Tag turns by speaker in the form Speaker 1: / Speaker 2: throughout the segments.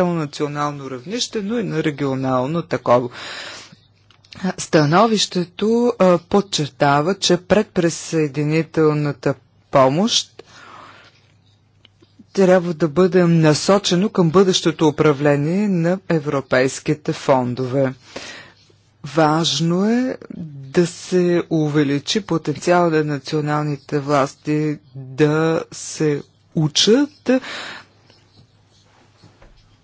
Speaker 1: само национално равнище, но и на регионално такова. Становището а, подчертава, че предпресъединителната помощ трябва да бъде насочено към бъдещото управление на европейските фондове. Важно е да се увеличи потенциал на националните власти да се учат,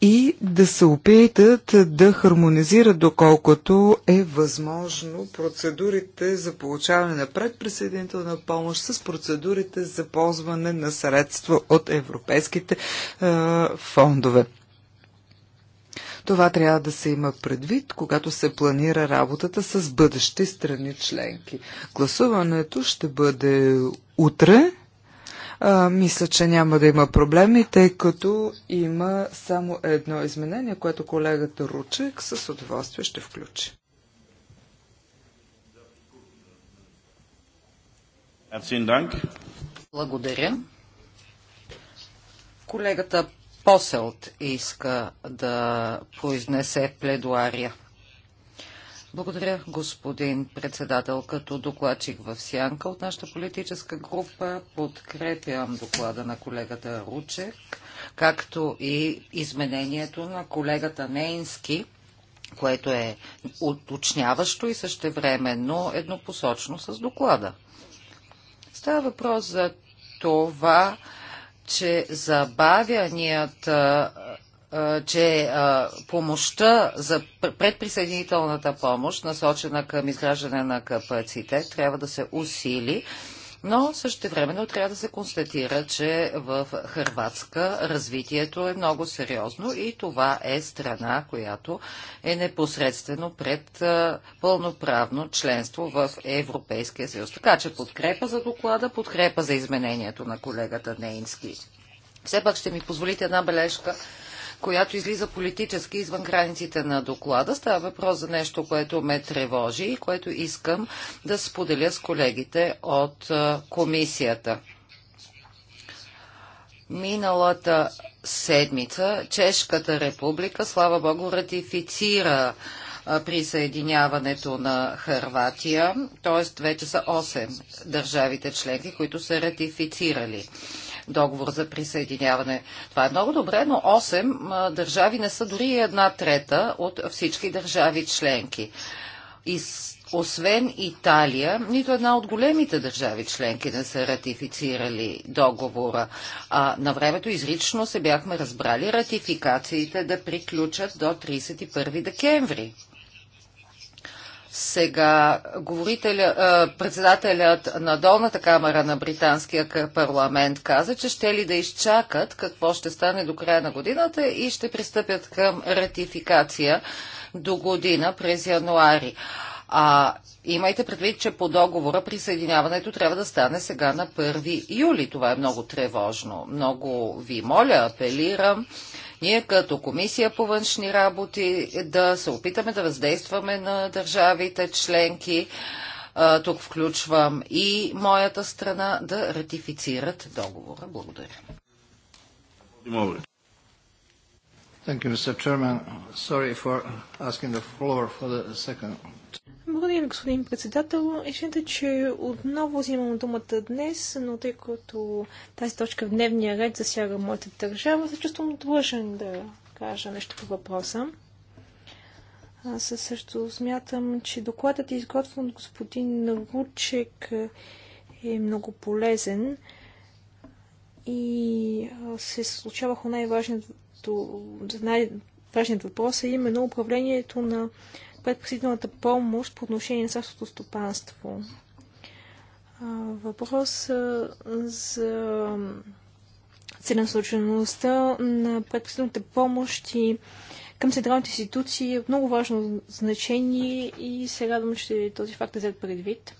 Speaker 1: и да се опитат да хармонизират доколкото е възможно процедурите за получаване на предприсъединителна помощ с процедурите за ползване на средства от европейските е, фондове. Това трябва да се има предвид, когато се планира работата с бъдещи страни членки. Гласуването ще бъде утре а, мисля, че няма да има проблеми, тъй като има само едно изменение, което колегата Ручек с удоволствие ще включи.
Speaker 2: Благодаря. Колегата Поселт иска да произнесе пледуария. Благодаря, господин председател. Като докладчик в Сянка от нашата политическа група подкрепям доклада на колегата Ручек, както и изменението на колегата Нейнски, което е уточняващо и същевременно еднопосочно с доклада. Става въпрос за това, че забавянията че помощта за предприсъединителната помощ, насочена към изграждане на капацитет, трябва да се усили, но също времено трябва да се констатира, че в Хрватска развитието е много сериозно и това е страна, която е непосредствено пред пълноправно членство в Европейския съюз. Така че подкрепа за доклада, подкрепа за изменението на колегата Нейнски. Все пак ще ми позволите една бележка която излиза политически извън границите на доклада. Става въпрос за нещо, което ме тревожи и което искам да споделя с колегите от комисията. Миналата седмица Чешката република, слава богу, ратифицира присъединяването на Харватия, т.е. вече са 8 държавите членки, които са ратифицирали договор за присъединяване. Това е много добре, но 8 държави не са дори една трета от всички държави членки. И освен Италия, нито една от големите държави членки не са ратифицирали договора. А на времето изрично се бяхме разбрали ратификациите да приключат до 31 декември. Сега говорителя, председателят на долната камера на британския парламент каза, че ще ли да изчакат какво ще стане до края на годината и ще пристъпят към ратификация до година през януари. А имайте предвид, че по договора присъединяването трябва да стане сега на 1 юли. Това е много тревожно. Много ви моля, апелирам ние като Комисия по външни работи да се опитаме да въздействаме на държавите членки, тук включвам и моята страна, да ратифицират договора. Благодаря.
Speaker 3: Thank you, Mr. Chairman. Sorry for asking the floor for the second
Speaker 4: благодаря ви, господин председател. Извинете, че отново взимам думата днес, но тъй като тази точка в дневния ред засяга моята държава, се чувствам длъжен да кажа нещо по въпроса. Аз също смятам, че докладът е изготвен от господин Ручек е много полезен и се случаваха най важният най-важният въпрос е именно управлението на Предпосителната помощ по отношение на селското стопанство. Въпрос за целенасочеността на помощ и към централните институции е много важно значение и се радвам, че този факт е взет предвид.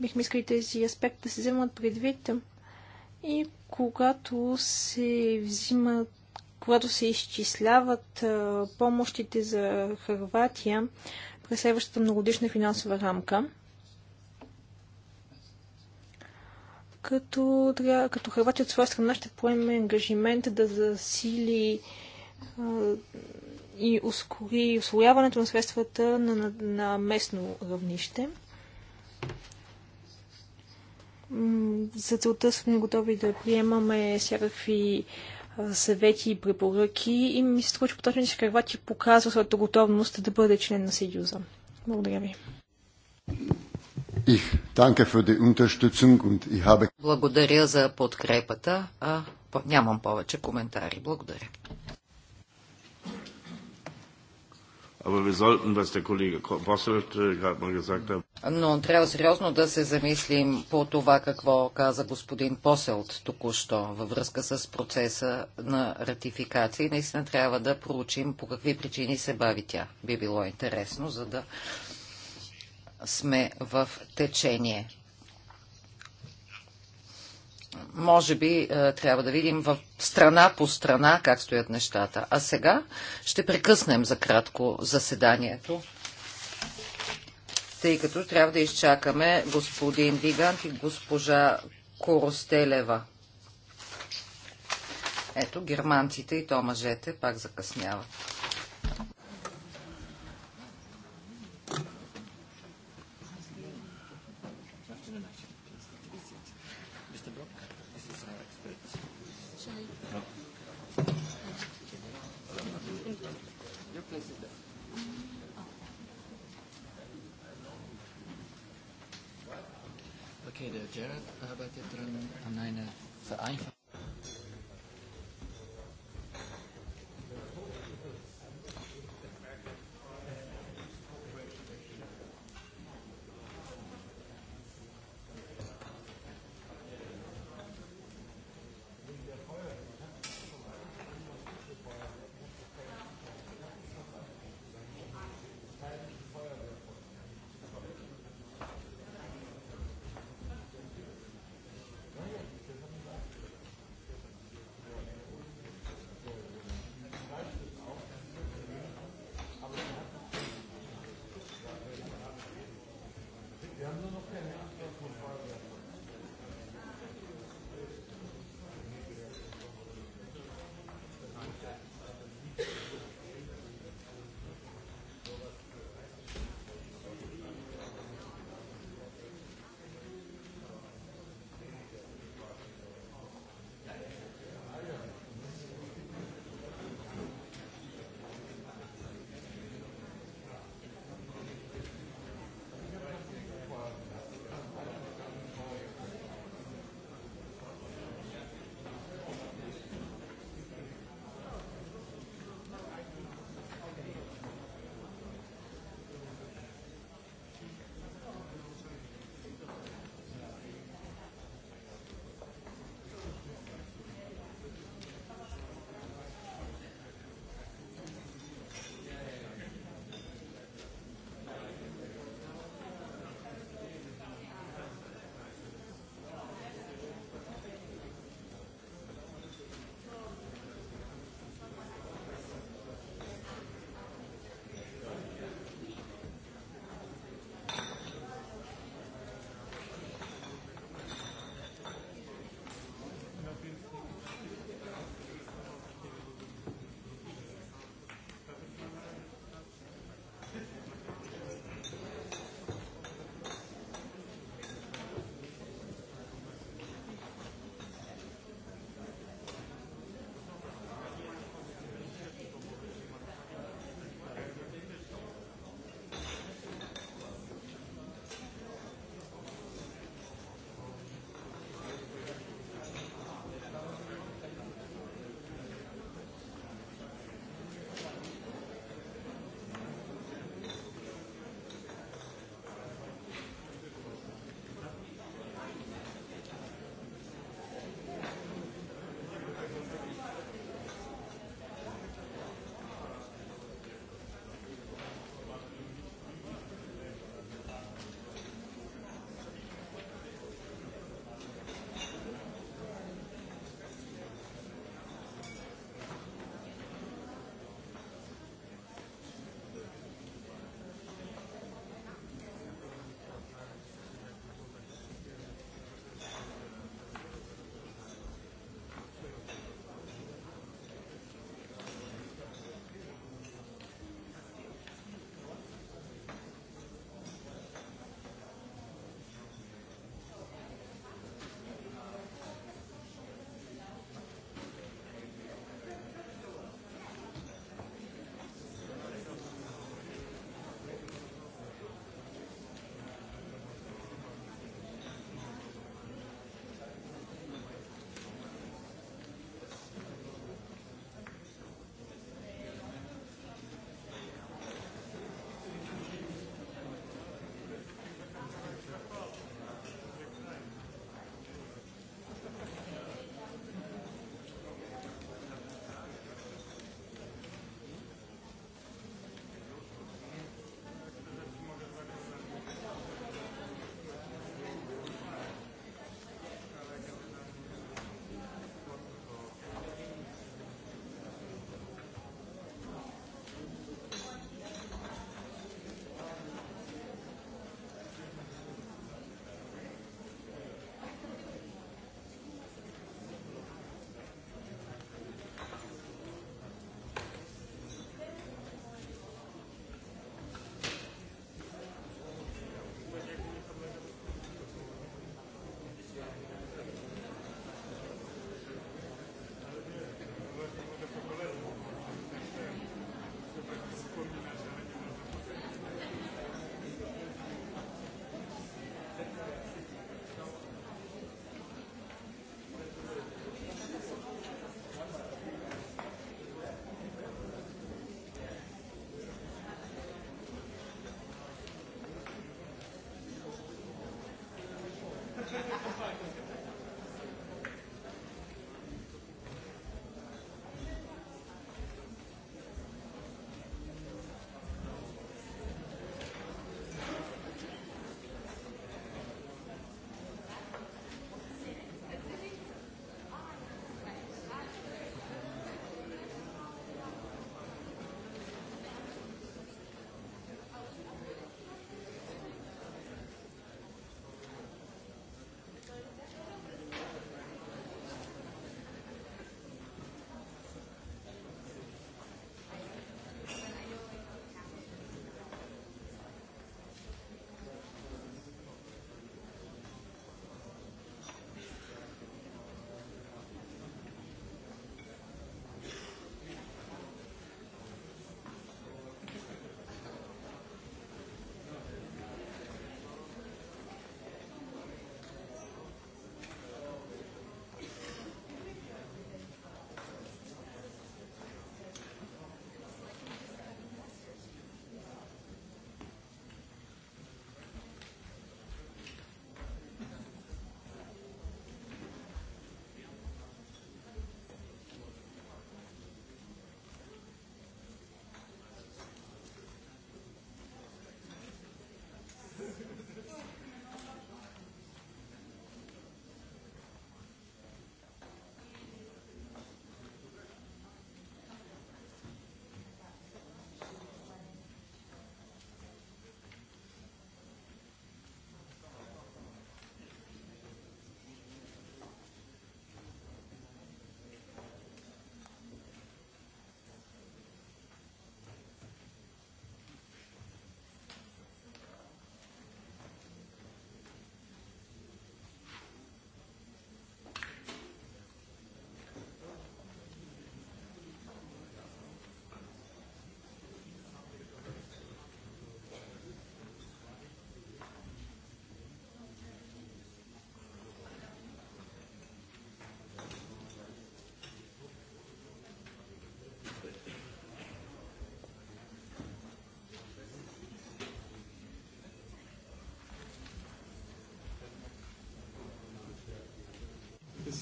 Speaker 4: Бихме искали тези аспекти да се вземат предвид и когато се взимат когато се изчисляват помощите за Харватия през следващата многодишна финансова рамка. Като, като Харватия от своя страна ще поеме ангажимент да засили и ускори освояването на средствата на, на, на местно равнище. За целта сме готови да приемаме всякакви съвети и препоръки и ми се случва че по този начин ти показва своята готовност да бъде член на Съюза. Благодаря ви.
Speaker 2: Благодаря за подкрепата, а нямам повече коментари. Благодаря. Но трябва сериозно да се замислим по това какво каза господин Поселт току-що във връзка с процеса на ратификация. наистина трябва да проучим по какви причини се бави тя. Би било интересно, за да сме в течение може би е, трябва да видим в страна по страна как стоят нещата. А сега ще прекъснем за кратко заседанието, тъй като трябва да изчакаме господин Вигант и госпожа Коростелева. Ето, германците и то мъжете пак закъсняват.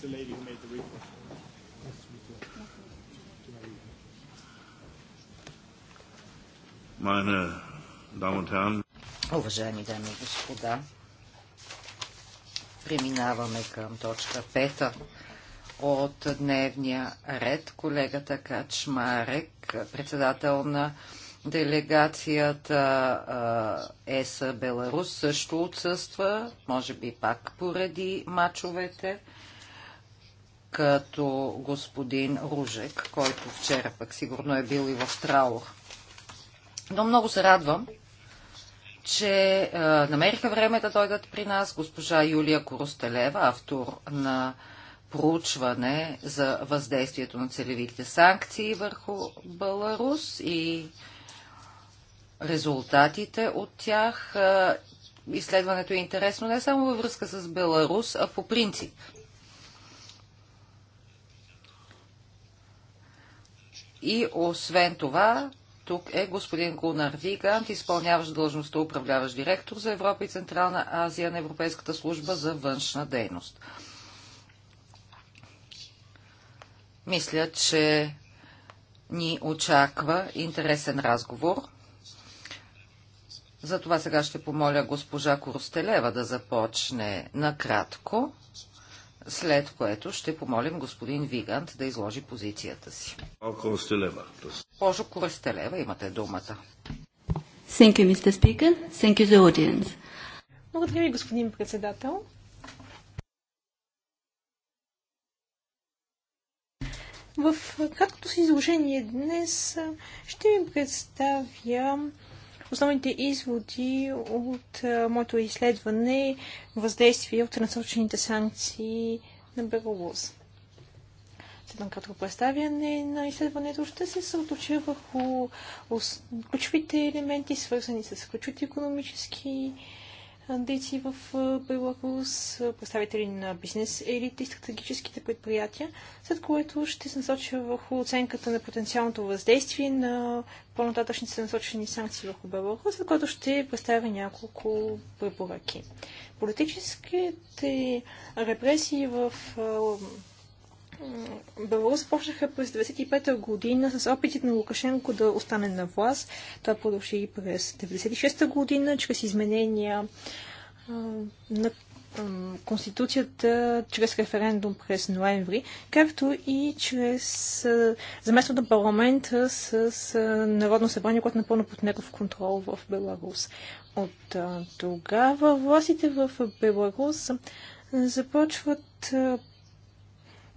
Speaker 3: the lady who made the report. Meine Damen und Herren.
Speaker 2: Уважаеми дами и господа, преминаваме към точка пета от дневния ред. Колегата Качмарек, председател на Делегацията ЕСА Беларус също отсъства, може би пак поради мачовете като господин Ружек, който вчера пък сигурно е бил и в траур. Но много се радвам, че е, намериха време да дойдат при нас госпожа Юлия Коростелева, автор на проучване за въздействието на целевите санкции върху Беларус и резултатите от тях. Е, изследването е интересно не само във връзка с Беларус, а по принцип. И освен това, тук е господин Гунар Вигант, изпълняващ длъжността управляващ директор за Европа и Централна Азия на Европейската служба за външна дейност. Мисля, че ни очаква интересен разговор. Затова сега ще помоля госпожа Коростелева да започне накратко след което ще помолим господин Вигант да изложи позицията си. Пожо Корстелева, имате думата.
Speaker 4: Thank you, Mr. Speaker. Thank you, the audience. Благодаря ви, господин председател. В краткото си изложение днес ще ви представя основните изводи от моето изследване въздействие от насочените санкции на Белорус. След кратко представяне на изследването ще се съоточа върху ключовите елементи, свързани с ключовите економически дейци в Беларус, представители на бизнес елите и стратегическите предприятия, след което ще се насоча върху оценката на потенциалното въздействие на по-нататъчните насочени санкции върху Беларус, след което ще представя няколко препоръки. Политическите репресии в Беларус започнаха през 1995 година с опитите на Лукашенко да остане на власт. Това продължи и през 1996 година, чрез изменения на Конституцията, чрез референдум през ноември, както и чрез заместно на парламента с, Народно събрание, което е напълно под негов контрол в Беларус. От тогава властите в Беларус започват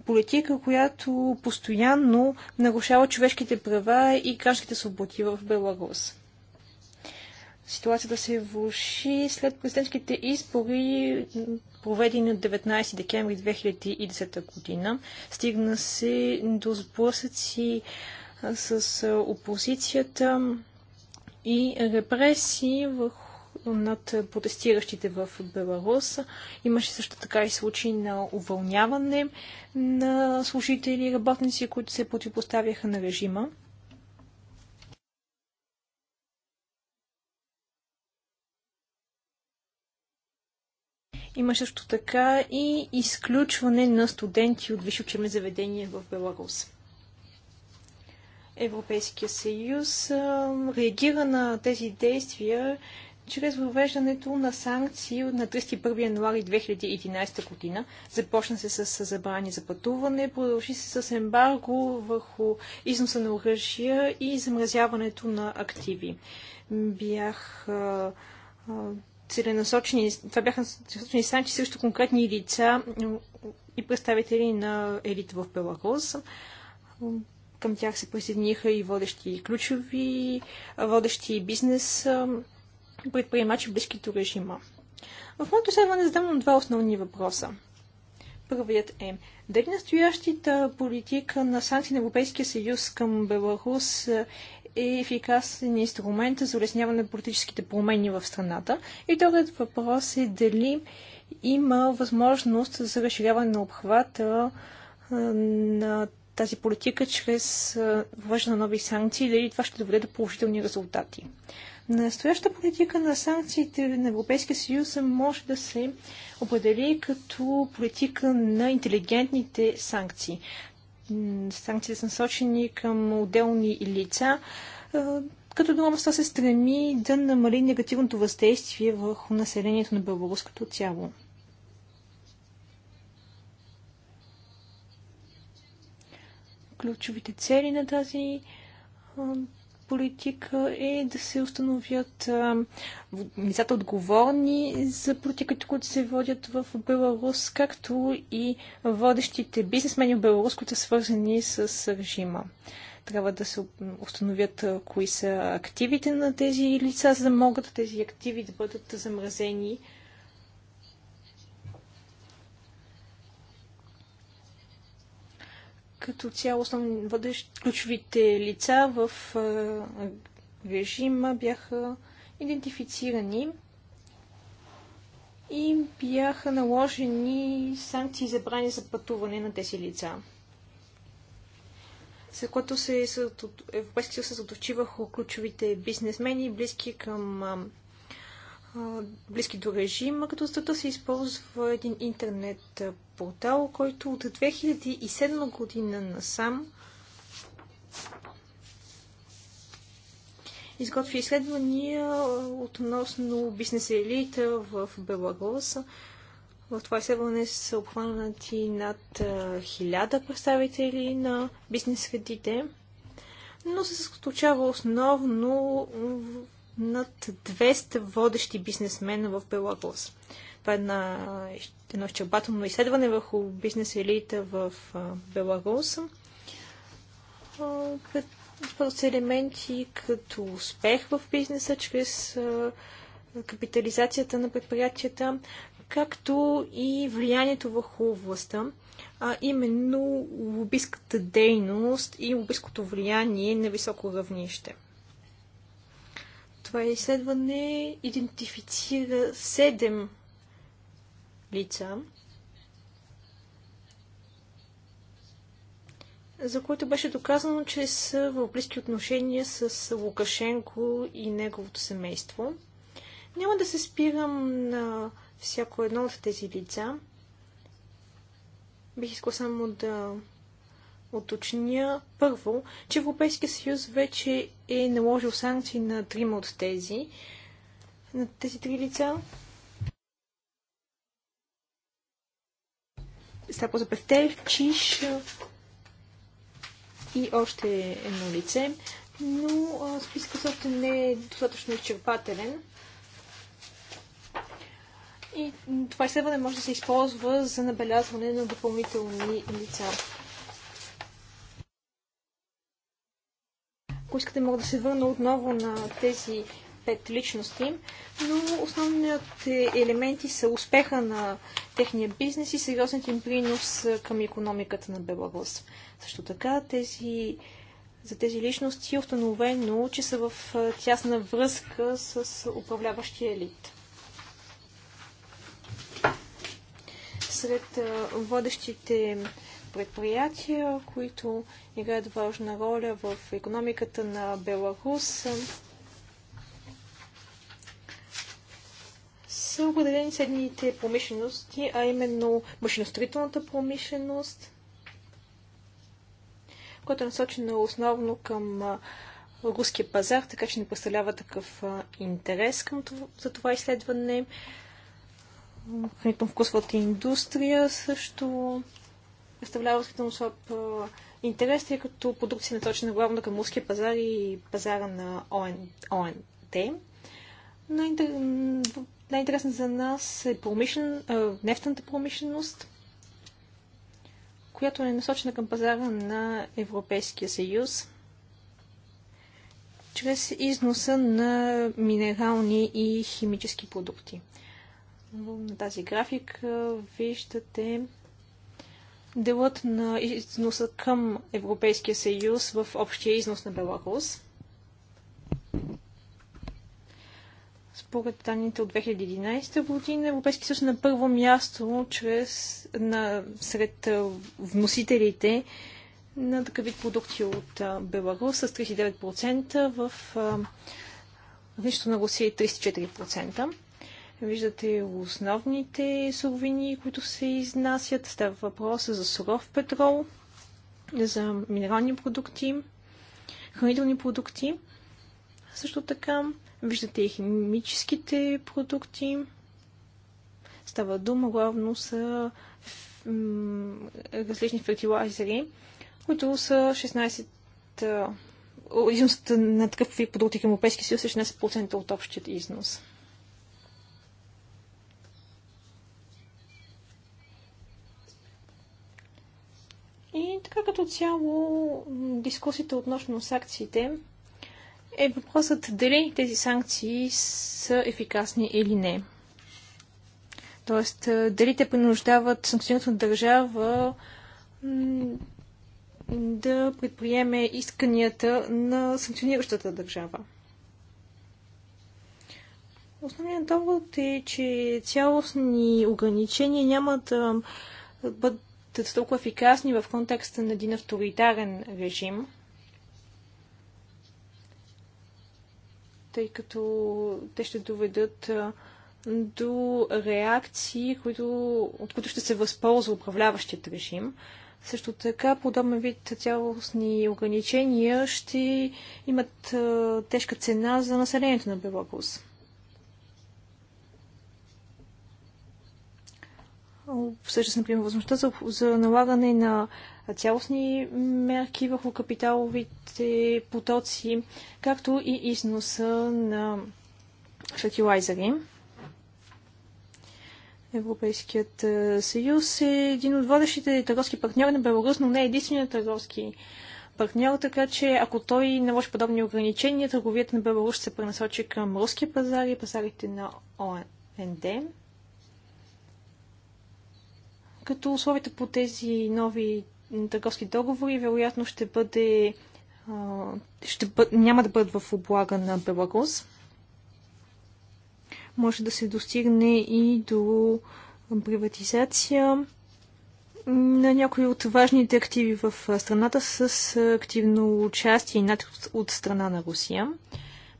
Speaker 4: политика, която постоянно нарушава човешките права и гражданските свободи в Беларус. Ситуацията се влуши след президентските избори, проведени на 19 декември 2010 година. Стигна се до сблъсъци с опозицията и репресии върху конкретно над протестиращите в Беларус. Имаше също така и случаи на увълняване на служители и работници, които се противопоставяха на режима. Има също така и изключване на студенти от висше учебни заведения в Беларус. Европейския съюз реагира на тези действия чрез въвеждането на санкции на 31 януари 2011 година. Започна се с забрани за пътуване, продължи се с ембарго върху износа на оръжия и замразяването на активи. Бях а, а, целенасочени, това бяха целенасочени санкции срещу конкретни лица и представители на елита в Беларус. Към тях се присъединиха и водещи ключови, водещи бизнес предприемачи в близките режима. В моето изследване задам два основни въпроса. Първият е, дали настоящата политика на санкции на Европейския съюз към Беларус е ефикасен инструмент за улесняване на политическите промени в страната? И вторият въпрос е дали има възможност за разширяване на обхвата на тази политика чрез въвеждане на нови санкции, дали това ще доведе до положителни резултати. Настоящата политика на санкциите на Европейския съюз може да се определи като политика на интелигентните санкции. Санкциите са насочени към отделни лица, като до това се стреми да намали негативното въздействие върху населението на българското цяло. Ключовите цели на тази политика е да се установят лицата отговорни за политиката, които се водят в Беларус, както и водещите бизнесмени в Беларус, които са свързани с режима. Трябва да се установят кои са активите на тези лица, за да могат тези активи да бъдат замразени като цяло основни ключовите лица в режима бяха идентифицирани и бяха наложени санкции за брани за пътуване на тези лица. След което се Европейския съюз ключовите бизнесмени, близки към близки до режима, като стата се използва един интернет портал, който от 2007 година насам изготви изследвания относно бизнес елита в Беларус. В това изследване са обхванати над хиляда представители на бизнес средите, но се съсредоточава основно над 200 водещи бизнесмена в Беларус. Това е на едно изчерпателно изследване върху бизнес елита в Беларус. С елементи като успех в бизнеса, чрез капитализацията на предприятията, както и влиянието върху властта, а именно лобистката дейност и лобистското влияние на високо равнище. Това изследване идентифицира седем лица, за които беше доказано, че са в близки отношения с Лукашенко и неговото семейство. Няма да се спирам на всяко едно от тези лица. Бих искал само да уточня първо, че Европейския съюз вече е наложил санкции на трима от тези, на тези три лица. Стапо за Певтев, Чиш и още едно лице, но списъкът още не е достатъчно изчерпателен. И това изследване може да се използва за набелязване на допълнителни лица. Ако искате, мога да се върна отново на тези пет личности, но основният елементи са успеха на техния бизнес и сериозният им принос към економиката на Беларус. Също така тези, за тези личности е установено, че са в тясна връзка с управляващия елит. Сред водещите предприятия, които играят важна роля в економиката на Беларус. са определени следните промишлености, а именно машиностроителната промишленост, която е насочена основно към руския пазар, така че не представлява такъв интерес към това, за това изследване. хранително вкусвата индустрия също представлява светлно особ интерес, тъй като продукция е наточена главно към морския пазар и пазара на ОН, ОНТ. най интересна за нас е промишлен, а, нефтната промишленост, която е насочена към пазара на Европейския съюз чрез износа на минерални и химически продукти. На тази графика виждате делът на износа към Европейския съюз в общия износ на Беларус. Според данните от 2011 година Европейския съюз е на първо място чрез, на, сред вносителите на такъв вид продукти от Беларус с 39% в нищо на Русия 34%. Е Виждате основните суровини, които се изнасят. Става въпрос за суров петрол, за минерални продукти, хранителни продукти. Също така виждате и химическите продукти. Става дума главно са различни фертилайзери, които са 16 износът на такъв продукти към Европейския съюз е 16% от общият износ. И така като цяло дискусията относно санкциите е въпросът дали тези санкции са ефикасни или не. Тоест, дали те принуждават санкционната държава да предприеме исканията на санкциониращата държава. Основният довод е, че цялостни ограничения няма да бъдат толкова ефикасни в контекста на един авторитарен режим, тъй като те ще доведат до реакции, които, от които ще се възползва управляващият режим. Също така, подобен вид цялостни ограничения ще имат тежка цена за населението на Беларус. всъщност, например, възможността за, за налагане на цялостни мерки върху капиталовите потоци, както и износа на фетилайзери. Европейският е, съюз е един от водещите търговски партньори на Беларус, но не е единственият търговски партньор, така че ако той наложи подобни ограничения, търговията на Беларус се пренасочи към руския пазар и пазарите на ОНД като условията по тези нови търговски договори вероятно ще бъде, ще бъде няма да бъдат в облага на Беларус. Може да се достигне и до приватизация на някои от важните активи в страната с активно участие и натиск от страна на Русия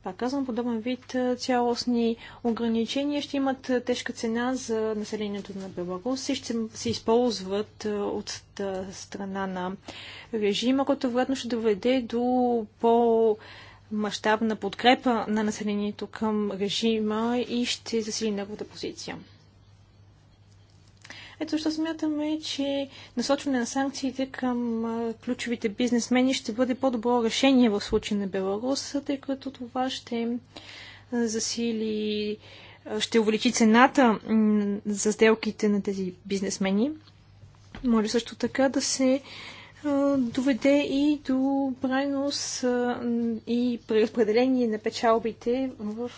Speaker 4: пак казвам, подобен вид цялостни ограничения ще имат тежка цена за населението на Беларус и ще се използват от страна на режима, който вероятно ще доведе до по- мащабна подкрепа на населението към режима и ще засили неговата позиция. Ето защо смятаме, че насочване на санкциите към ключовите бизнесмени ще бъде по-добро решение в случай на Беларус, тъй като това ще засили, ще увеличи цената за сделките на тези бизнесмени. Може също така да се доведе и до брайност и преразпределение на печалбите в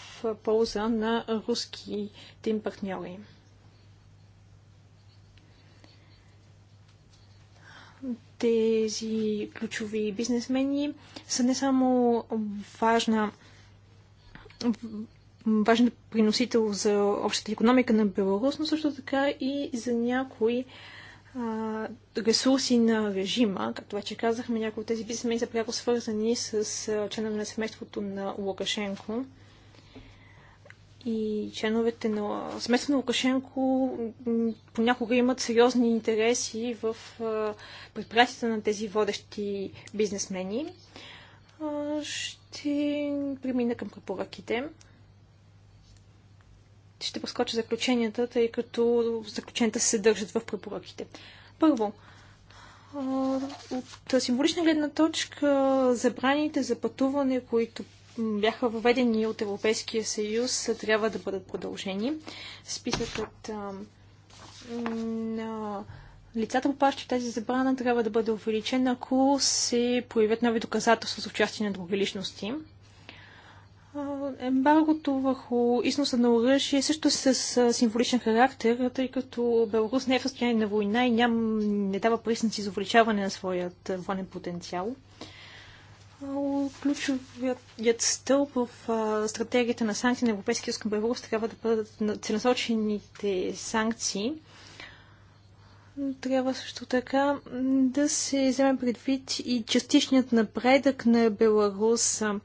Speaker 4: полза на руските им партньори. Тези ключови бизнесмени са не само важна важен приносител за общата економика на Беларус, но също така и за някои а, ресурси на режима. Както вече казахме, някои от тези бизнесмени са пряко свързани с членове на семейството на Лукашенко и членовете на смесено Лукашенко понякога имат сериозни интереси в предприятията на тези водещи бизнесмени. Ще премина към препоръките. Ще проскоча заключенията, тъй като заключенията се държат в препоръките. Първо, от символична гледна точка, забраните за пътуване, които бяха въведени от Европейския съюз, трябва да бъдат продължени. Списъкът а, на лицата, попащи в тази забрана, трябва да бъде увеличен, ако се появят нови доказателства за участие на други личности. Ембаргото върху износа на оръжие също е с символичен характер, тъй като Беларус не е в състояние на война и ням, не дава признаци за увеличаване на своят военен потенциал ключовият стълб в стратегията на санкции на Европейския съюз към Беларус трябва да бъдат целенасочените санкции. Трябва също така да се вземе предвид и частичният напредък на Беларус а,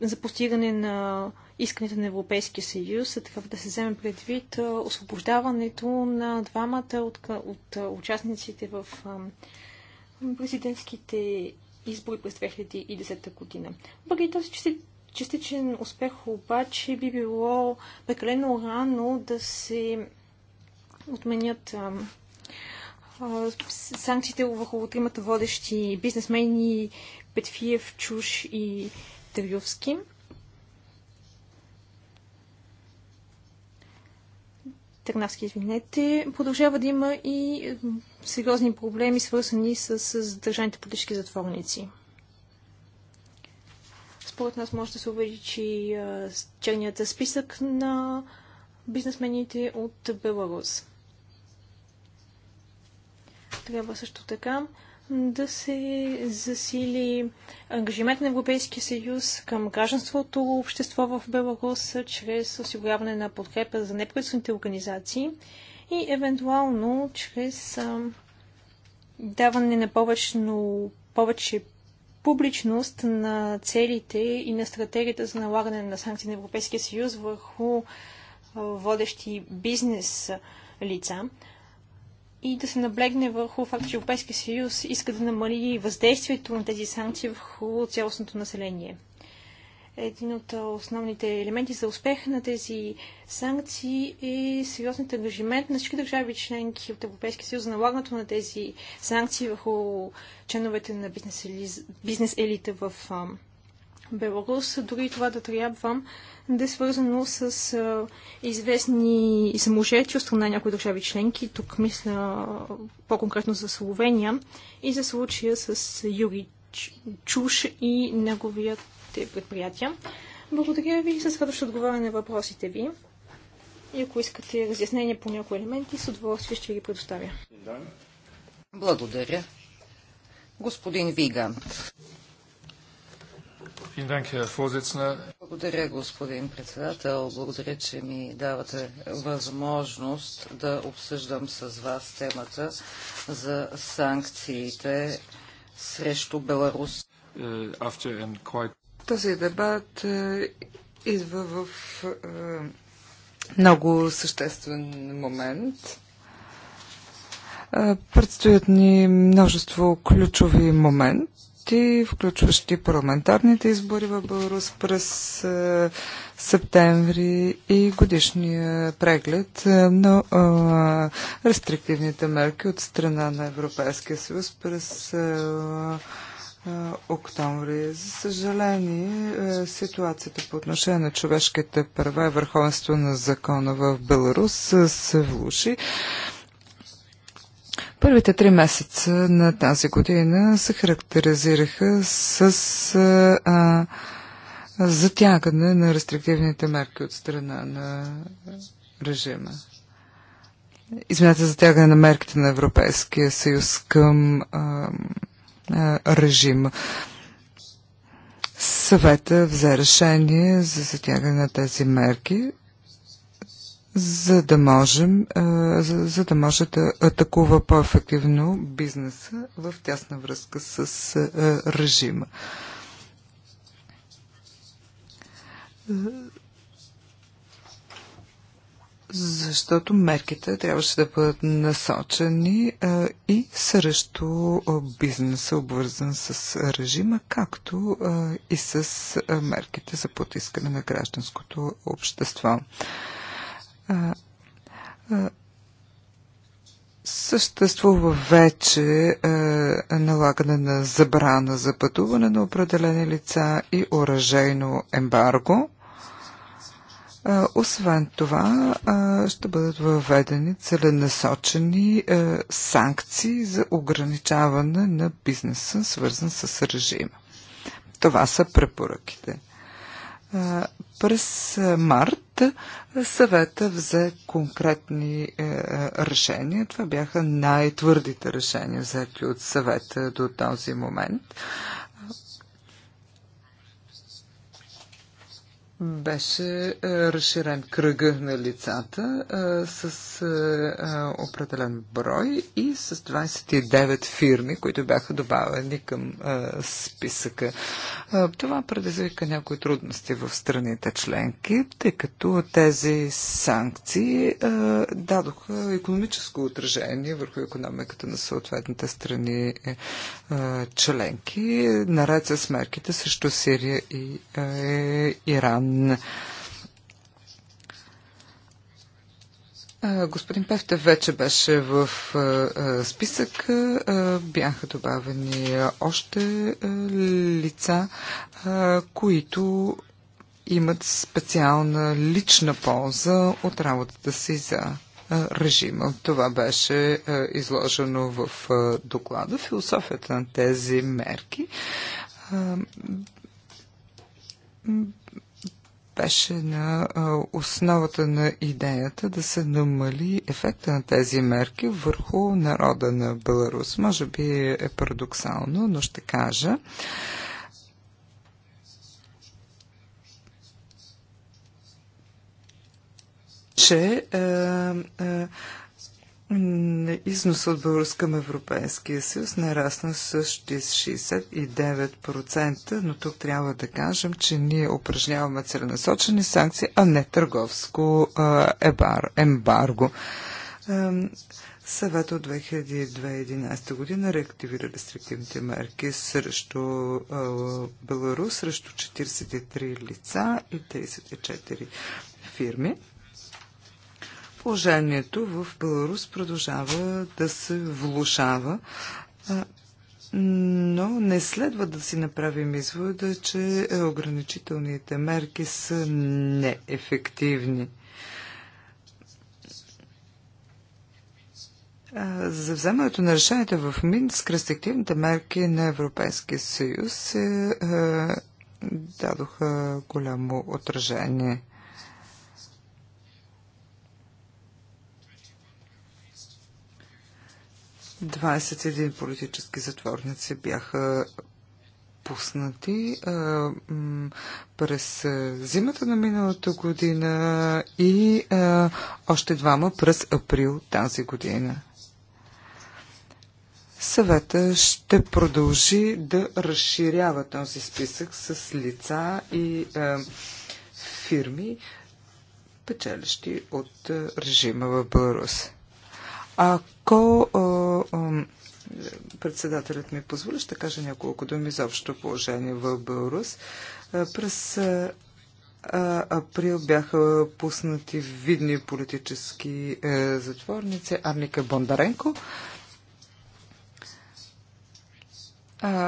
Speaker 4: за постигане на искането на Европейския съюз. Трябва да се вземе предвид освобождаването на двамата от, от участниците в а, президентските избори през 2010 година. Въпреки този частичен успех обаче би било прекалено рано да се отменят санкциите върху тримата водещи бизнесмени Петфиев, Чуш и Терювски. Търнавски, извинете. Продължава да има и сериозни проблеми, свързани с задържаните политически затворници. Според нас може да се увеличи черният списък на бизнесмените от Беларус. Трябва също така да се засили ангажимент на Европейския съюз към гражданството общество в Беларус чрез осигуряване на подкрепа за неправителствените организации и евентуално чрез даване на повече, повече публичност на целите и на стратегията за налагане на санкции на Европейския съюз върху водещи бизнес лица и да се наблегне върху факта, че Европейския съюз иска да намали въздействието на тези санкции върху цялостното население един от основните елементи за успех на тези санкции е сериозният ангажимент на всички държави членки от Европейския съюз за налагането на тези санкции върху членовете на бизнес, елита в Беларус. Дори това да трябва да е свързано с известни саможети от страна на някои държави членки. Тук мисля по-конкретно за Словения и за случая с Юрий Чуш и неговият малките предприятия. Благодаря ви и с радост ще на въпросите ви. И ако искате разяснения по някои елементи, с удоволствие ще ги предоставя.
Speaker 2: Благодаря. Господин Вигант. Благодаря, господин председател. Благодаря, че ми давате възможност да обсъждам с вас темата за санкциите срещу Беларус.
Speaker 3: Uh, quite...
Speaker 1: Този дебат е, идва в е, много съществен момент. Е, предстоят ни множество ключови моменти, включващи парламентарните избори в Беларус през септември и годишния преглед на рестриктивните мерки от страна на Европейския съюз през октомври. За съжаление, е, ситуацията по отношение на човешките права и върховенство на закона в Беларус е, се влуши. Първите три месеца на тази година се характеризираха с е, а, затягане на рестриктивните мерки от страна на режима. Извинете, затягане на мерките на Европейския съюз към а, е, режим. Съвета взе решение за затягане на тези мерки, за да можем, е, за, да може да атакува по-ефективно бизнеса в тясна връзка с е, режима защото мерките трябваше да бъдат насочени а, и срещу бизнеса, обвързан с режима, както а, и с а, мерките за потискане на гражданското общество. А, а, Съществува вече а, налагане на забрана за пътуване на определени лица и оръжейно ембарго. Освен това, ще бъдат въведени целенасочени е, санкции за ограничаване на бизнеса, свързан с режима. Това са препоръките. През март съвета взе конкретни е, решения. Това бяха най-твърдите решения, взети от съвета до този момент. беше е, разширен кръга на лицата е, с е, определен брой и с 29 фирми, които бяха добавени към списъка. това предизвика някои трудности в страните членки, тъй като тези санкции дадоха економическо отражение върху економиката на съответните страни членки, наред с мерките срещу Сирия и Иран. Господин Певте вече беше в списък. Бяха добавени още лица, които имат специална лична полза от работата си за режима. Това беше изложено в доклада. Философията на тези мерки беше на основата на идеята да се намали ефекта на тези мерки върху народа на Беларус. Може би е парадоксално, но ще кажа. че е, е, Износ от Българс към Европейския съюз нарасна с 69%, но тук трябва да кажем, че ние упражняваме целенасочени санкции, а не търговско ебар, ембарго. Съвет от 2011 година реактивира рестриктивните мерки срещу Беларус, срещу 43 лица и 34 фирми. Положението в Беларус продължава да се влушава, но не следва да си направим извода, че ограничителните мерки са неефективни. За вземането на решенията в Минск, рестриктивните мерки на Европейския съюз е, е, дадоха голямо отражение. 21 политически затворници бяха пуснати а, през зимата на миналата година и а, още двама през април тази година. Съвета ще продължи да разширява този списък с лица и а, фирми, печелищи от режима в Беларуси. Ако председателят ми позволи, ще кажа няколко думи за общото положение в Беларус. През април бяха пуснати видни политически е, затворници Арника Бондаренко.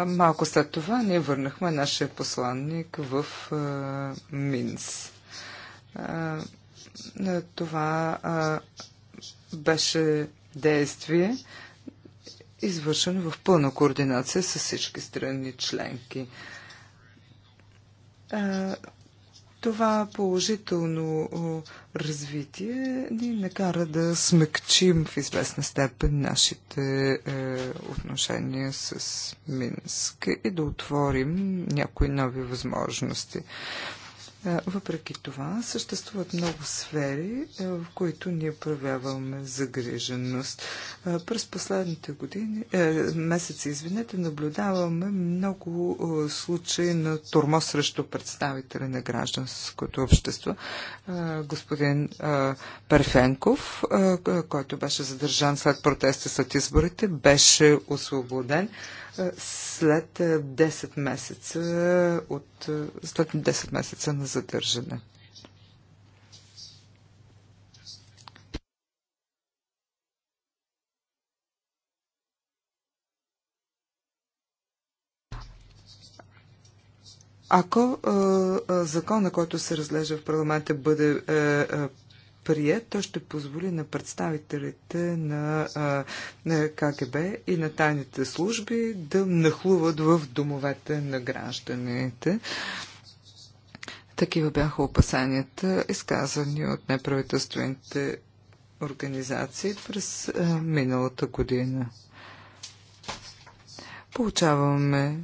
Speaker 1: малко след това ние върнахме нашия посланник в е, Минс. Е, това беше действие, извършено в пълна координация с всички страни членки. Това положително развитие ни накара да смекчим в известна степен нашите е, отношения с Минск и да отворим някои нови възможности. Въпреки това, съществуват много сфери, в които ние проявяваме загриженост. През последните години, е, месеци, извинете, наблюдаваме много случаи на турмо срещу представители на гражданското общество. Господин Перфенков, който беше задържан след протеста след изборите, беше освободен. Е, след 10 е, месеца, от, 110 е, 10 месеца на задържане. Ако а, а, закона, който се разлежа в парламента, бъде а, а, прият, то ще позволи на представителите на, на КГБ и на тайните служби да нахлуват в домовете на гражданите. Такива бяха опасанията, изказани от неправителствените организации през миналата година. Получаваме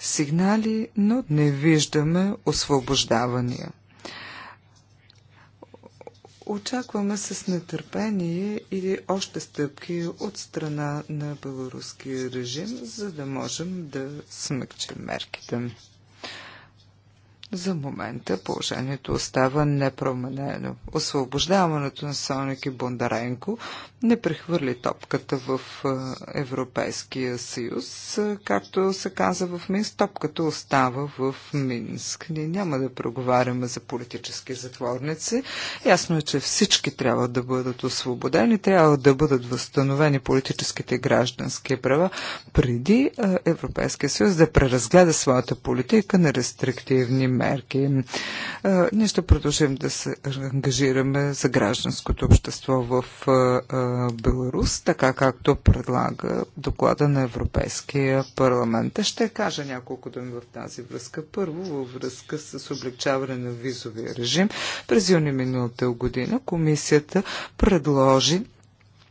Speaker 1: сигнали, но не виждаме освобождавания. Очакваме с нетърпение и още стъпки от страна на беларуския режим, за да можем да смъкчем мерките. За момента положението остава непроменено. Освобождаването на Соник и Бондаренко не прехвърли топката в е, Европейския съюз. Е, както се каза в Минск, топката остава в Минск. Ние няма да проговаряме за политически затворници. Ясно е, че всички трябва да бъдат освободени, трябва да бъдат възстановени политическите и граждански права преди е, Европейския съюз да преразгледа своята политика на рестриктивни мерки мерки. Е, ние ще продължим да се ангажираме за гражданското общество в е, е, Беларус, така както предлага доклада на Европейския парламент. Ще кажа няколко думи в тази връзка. Първо, във връзка с облегчаване на визовия режим. През юни миналата година комисията предложи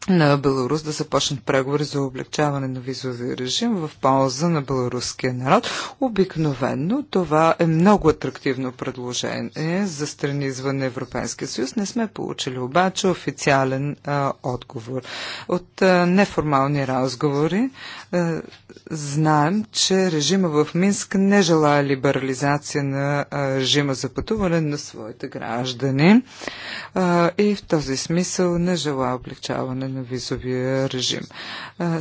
Speaker 1: на Беларус да започнат преговори за облегчаване на визовия режим в полза на беларуския народ. Обикновенно това е много атрактивно предложение за страни извън Европейския съюз. Не сме получили обаче официален а, отговор. От а, неформални разговори е, знаем, че режима в Минск не желая либерализация на е, режима за пътуване на своите граждани е, и в този смисъл не желая облегчаване на визовия режим.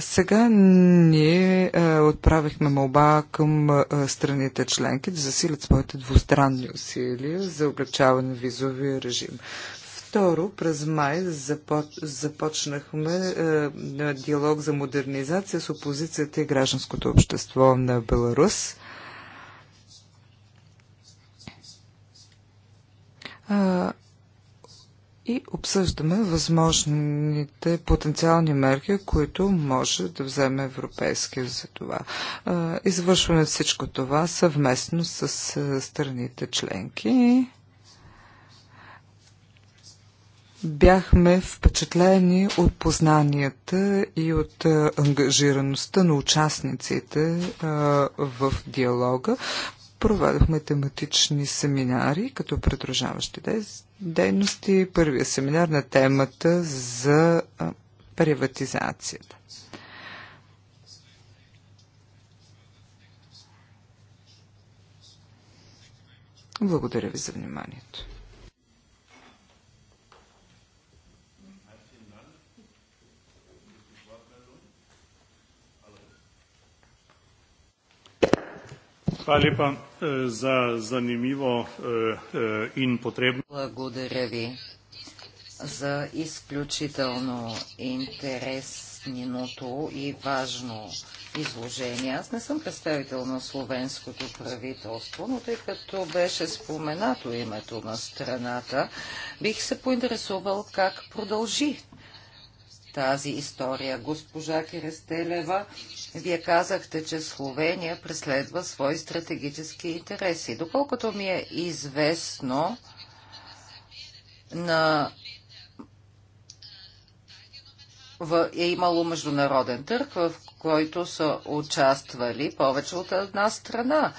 Speaker 1: Сега ние отправихме молба към страните членки да засилят своите двустранни усилия за облегчаване на визовия режим. Второ, през май започнахме е, диалог за модернизация с опозицията и гражданското общество на Беларус. А, е, и обсъждаме възможните потенциални мерки, които може да вземе Европейския за това. Е, извършваме всичко това съвместно с е, страните членки бяхме впечатлени от познанията и от ангажираността на участниците в диалога. Проведохме тематични семинари като придружаващи дейности. Първия семинар на темата за приватизацията. Благодаря ви за вниманието.
Speaker 3: Hvala lepa e, za zanimivo e, e, in Благодаря ви
Speaker 2: за изключително интересното и важно изложение. Аз не съм представител на словенското правителство, но тъй като беше споменато името на страната, бих се поинтересувал как продължи тази история. Госпожа Кирестелева, вие казахте, че Словения преследва свои стратегически интереси. Доколкото ми е известно, на е имало международен търг, в който са участвали повече от една страна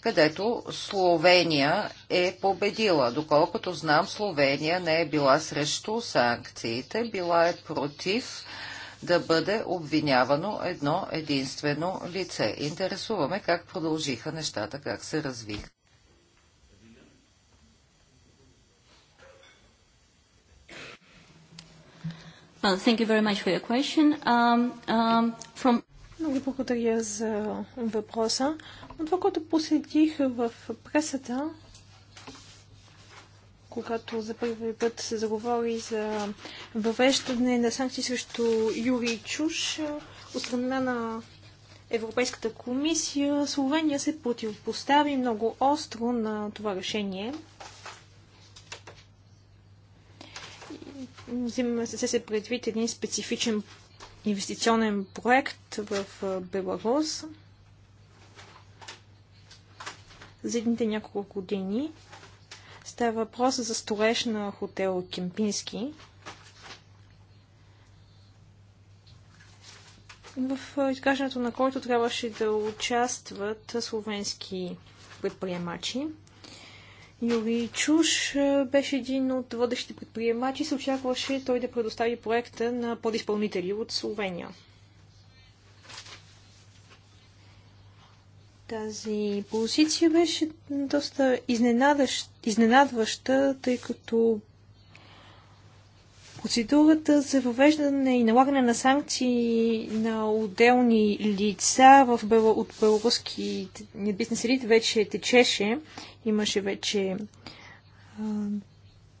Speaker 2: където Словения е победила. Доколкото знам, Словения не е била срещу санкциите, била е против да бъде обвинявано едно единствено лице. Интересуваме как продължиха нещата, как се развиха.
Speaker 4: Well, thank you very much for your question. Um, um, from... Много благодаря за въпроса. Но това, което посетих в пресата, когато за първи път се заговори за въвеждане на санкции срещу Юрий Чуш от страна на Европейската комисия, Словения се противопостави много остро на това решение. взимаме се, се предвид един специфичен инвестиционен проект в Беларус за едните няколко години. Става въпрос за строеж на хотел Кемпински. В изграждането на който трябваше да участват словенски предприемачи. Юри Чуш беше един от водещите предприемачи. Се очакваше той да предостави проекта на подизпълнители от Словения. Тази позиция беше доста изненадваща, тъй като Процедурата за въвеждане и налагане на санкции на отделни лица в, от български бизнес елит вече течеше. Имаше вече а,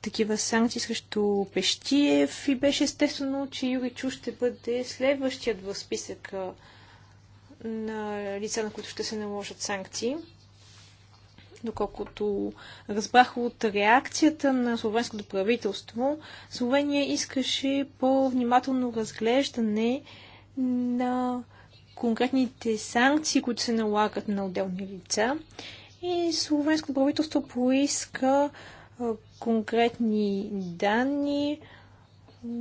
Speaker 4: такива санкции срещу Пещиев и беше естествено, че Юрий Чу ще бъде следващият в списъка на лица, на които ще се наложат санкции. Доколкото разбрах от реакцията на словенското правителство, Словения искаше по-внимателно разглеждане на конкретните санкции, които се налагат на отделни лица. И словенското правителство поиска конкретни данни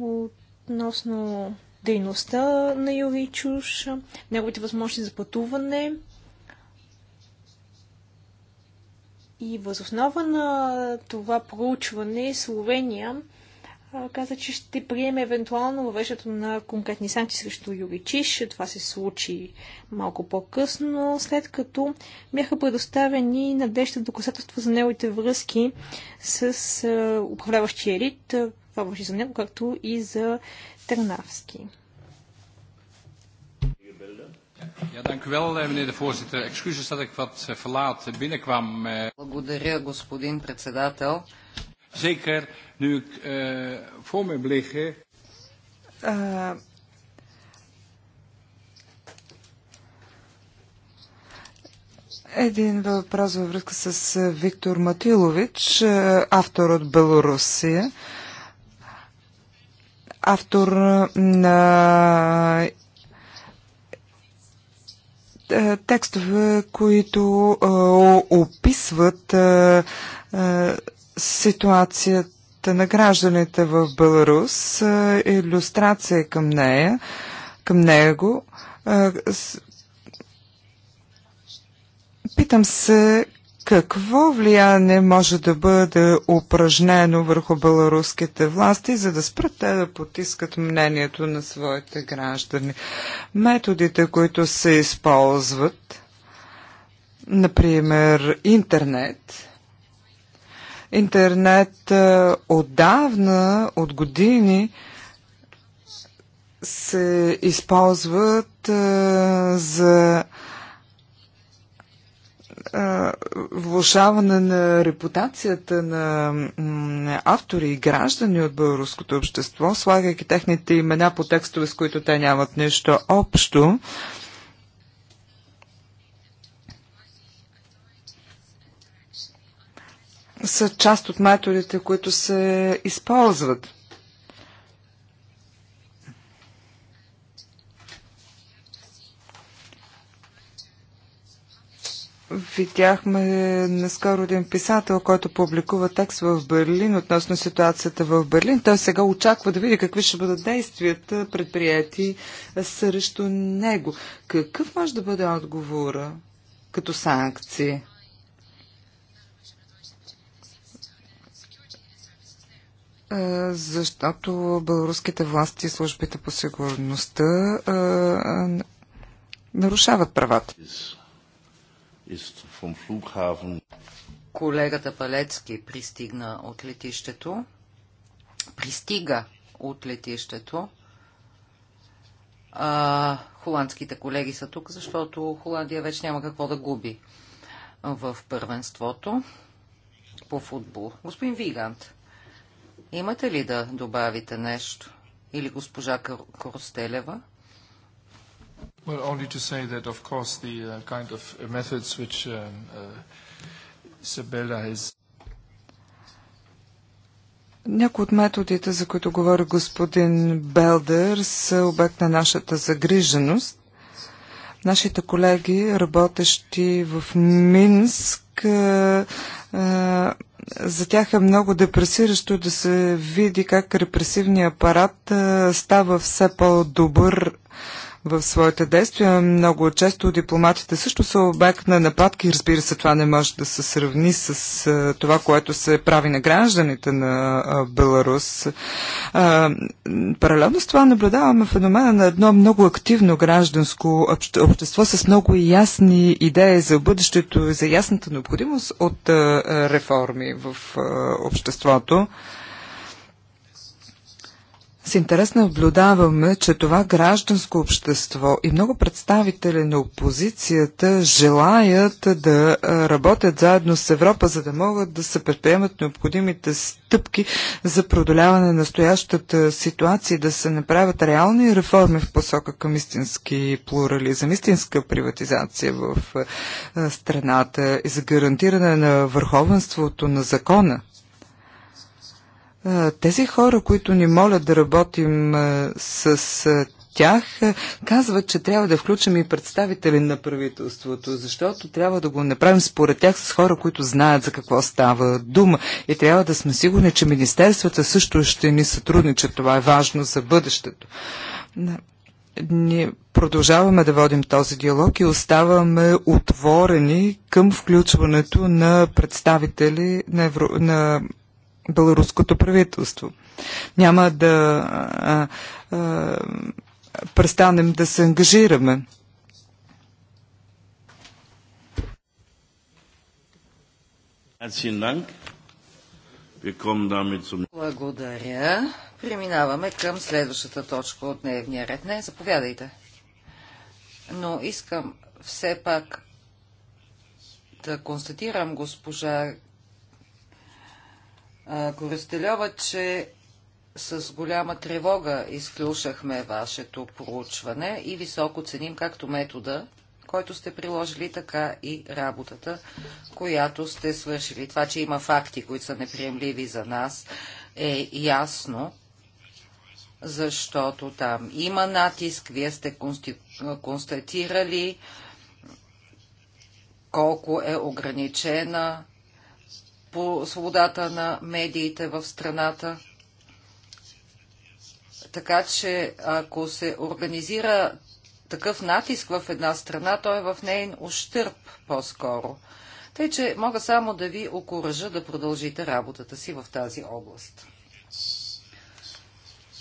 Speaker 4: относно дейността на Юрий Чуш, неговите възможности за пътуване. И възоснова на това проучване Словения каза, че ще приеме евентуално въвеждането на конкретни санкции срещу Юричиш. Това се случи малко по-късно, след като бяха предоставени надежда доказателства за неговите връзки с управляващия елит, това за него, както и за Търнавски.
Speaker 3: Eh, eh, eh. Благодаря,
Speaker 2: господин председател.
Speaker 3: Zeker nu ik voor me liggen.
Speaker 1: Един въпрос във връзка с Виктор Матилович, автор от Белорусия автор на е, текстове, които е, описват е, ситуацията на гражданите в Беларус, иллюстрация към нея, към него. Питам се какво влияние може да бъде упражнено върху беларуските власти, за да спрат те да потискат мнението на своите граждани? Методите, които се използват, например интернет, интернет е, отдавна, от години, се използват е, за влушаване на репутацията на автори и граждани от българското общество, слагайки техните имена по текстове, с които те нямат нещо общо. са част от методите, които се използват. Видяхме наскоро един писател, който публикува текст в Берлин относно ситуацията в Берлин. Той сега очаква да види какви ще бъдат действията предприяти срещу него. Какъв може да бъде отговора като санкции? Защото българските власти и службите по сигурността нарушават правата ist vom
Speaker 3: Flughafen.
Speaker 2: Колегата Палецки пристигна от летището. Пристига от летището. А, холандските колеги са тук, защото Холандия вече няма какво да губи в първенството по футбол. Господин Вигант, имате ли да добавите нещо? Или госпожа Коростелева?
Speaker 3: Well, only to say that, of course, the uh, kind of uh, methods which um, uh, Isabella has
Speaker 1: някои от методите, за които говори господин Белдер, са обект на нашата загриженост. Нашите колеги, работещи в Минск, е, е, за тях е много депресиращо да се види как репресивният апарат е, става все по-добър в своите действия. Много често дипломатите също са обект на нападки. Разбира се, това не може да се сравни с това, което се прави на гражданите на Беларус. Паралелно с това наблюдаваме феномена на едно много активно гражданско общество с много ясни идеи за бъдещето и за ясната необходимост от реформи в обществото. С интерес наблюдаваме, че това гражданско общество и много представители на опозицията желаят да работят заедно с Европа, за да могат да се предприемат необходимите стъпки за продоляване на настоящата ситуация, да се направят реални реформи в посока към истински плурализъм, истинска приватизация в страната и за гарантиране на върховенството на закона. Тези хора, които ни молят да работим с тях, казват, че трябва да включим и представители на правителството, защото трябва да го направим според тях с хора, които знаят за какво става дума. И трябва да сме сигурни, че министерствата също ще ни сътрудничат. Това е важно за бъдещето ние продължаваме да водим този диалог и оставаме отворени към включването на представители на, Евро... на беларуското правителство. Няма да а, а, престанем да се ангажираме.
Speaker 2: Благодаря. Преминаваме към следващата точка от дневния ред. Не, заповядайте. Но искам все пак да констатирам, госпожа Коростелева, че с голяма тревога изключахме вашето проучване и високо ценим както метода, който сте приложили, така и работата, която сте свършили. Това, че има факти, които са неприемливи за нас, е ясно, защото там има натиск, вие сте констатирали колко е ограничена по свободата на медиите в страната. Така че ако се организира такъв натиск в една страна, той е в нейн ощърп по-скоро. Тъй, че мога само да ви окоръжа да продължите работата си в тази област.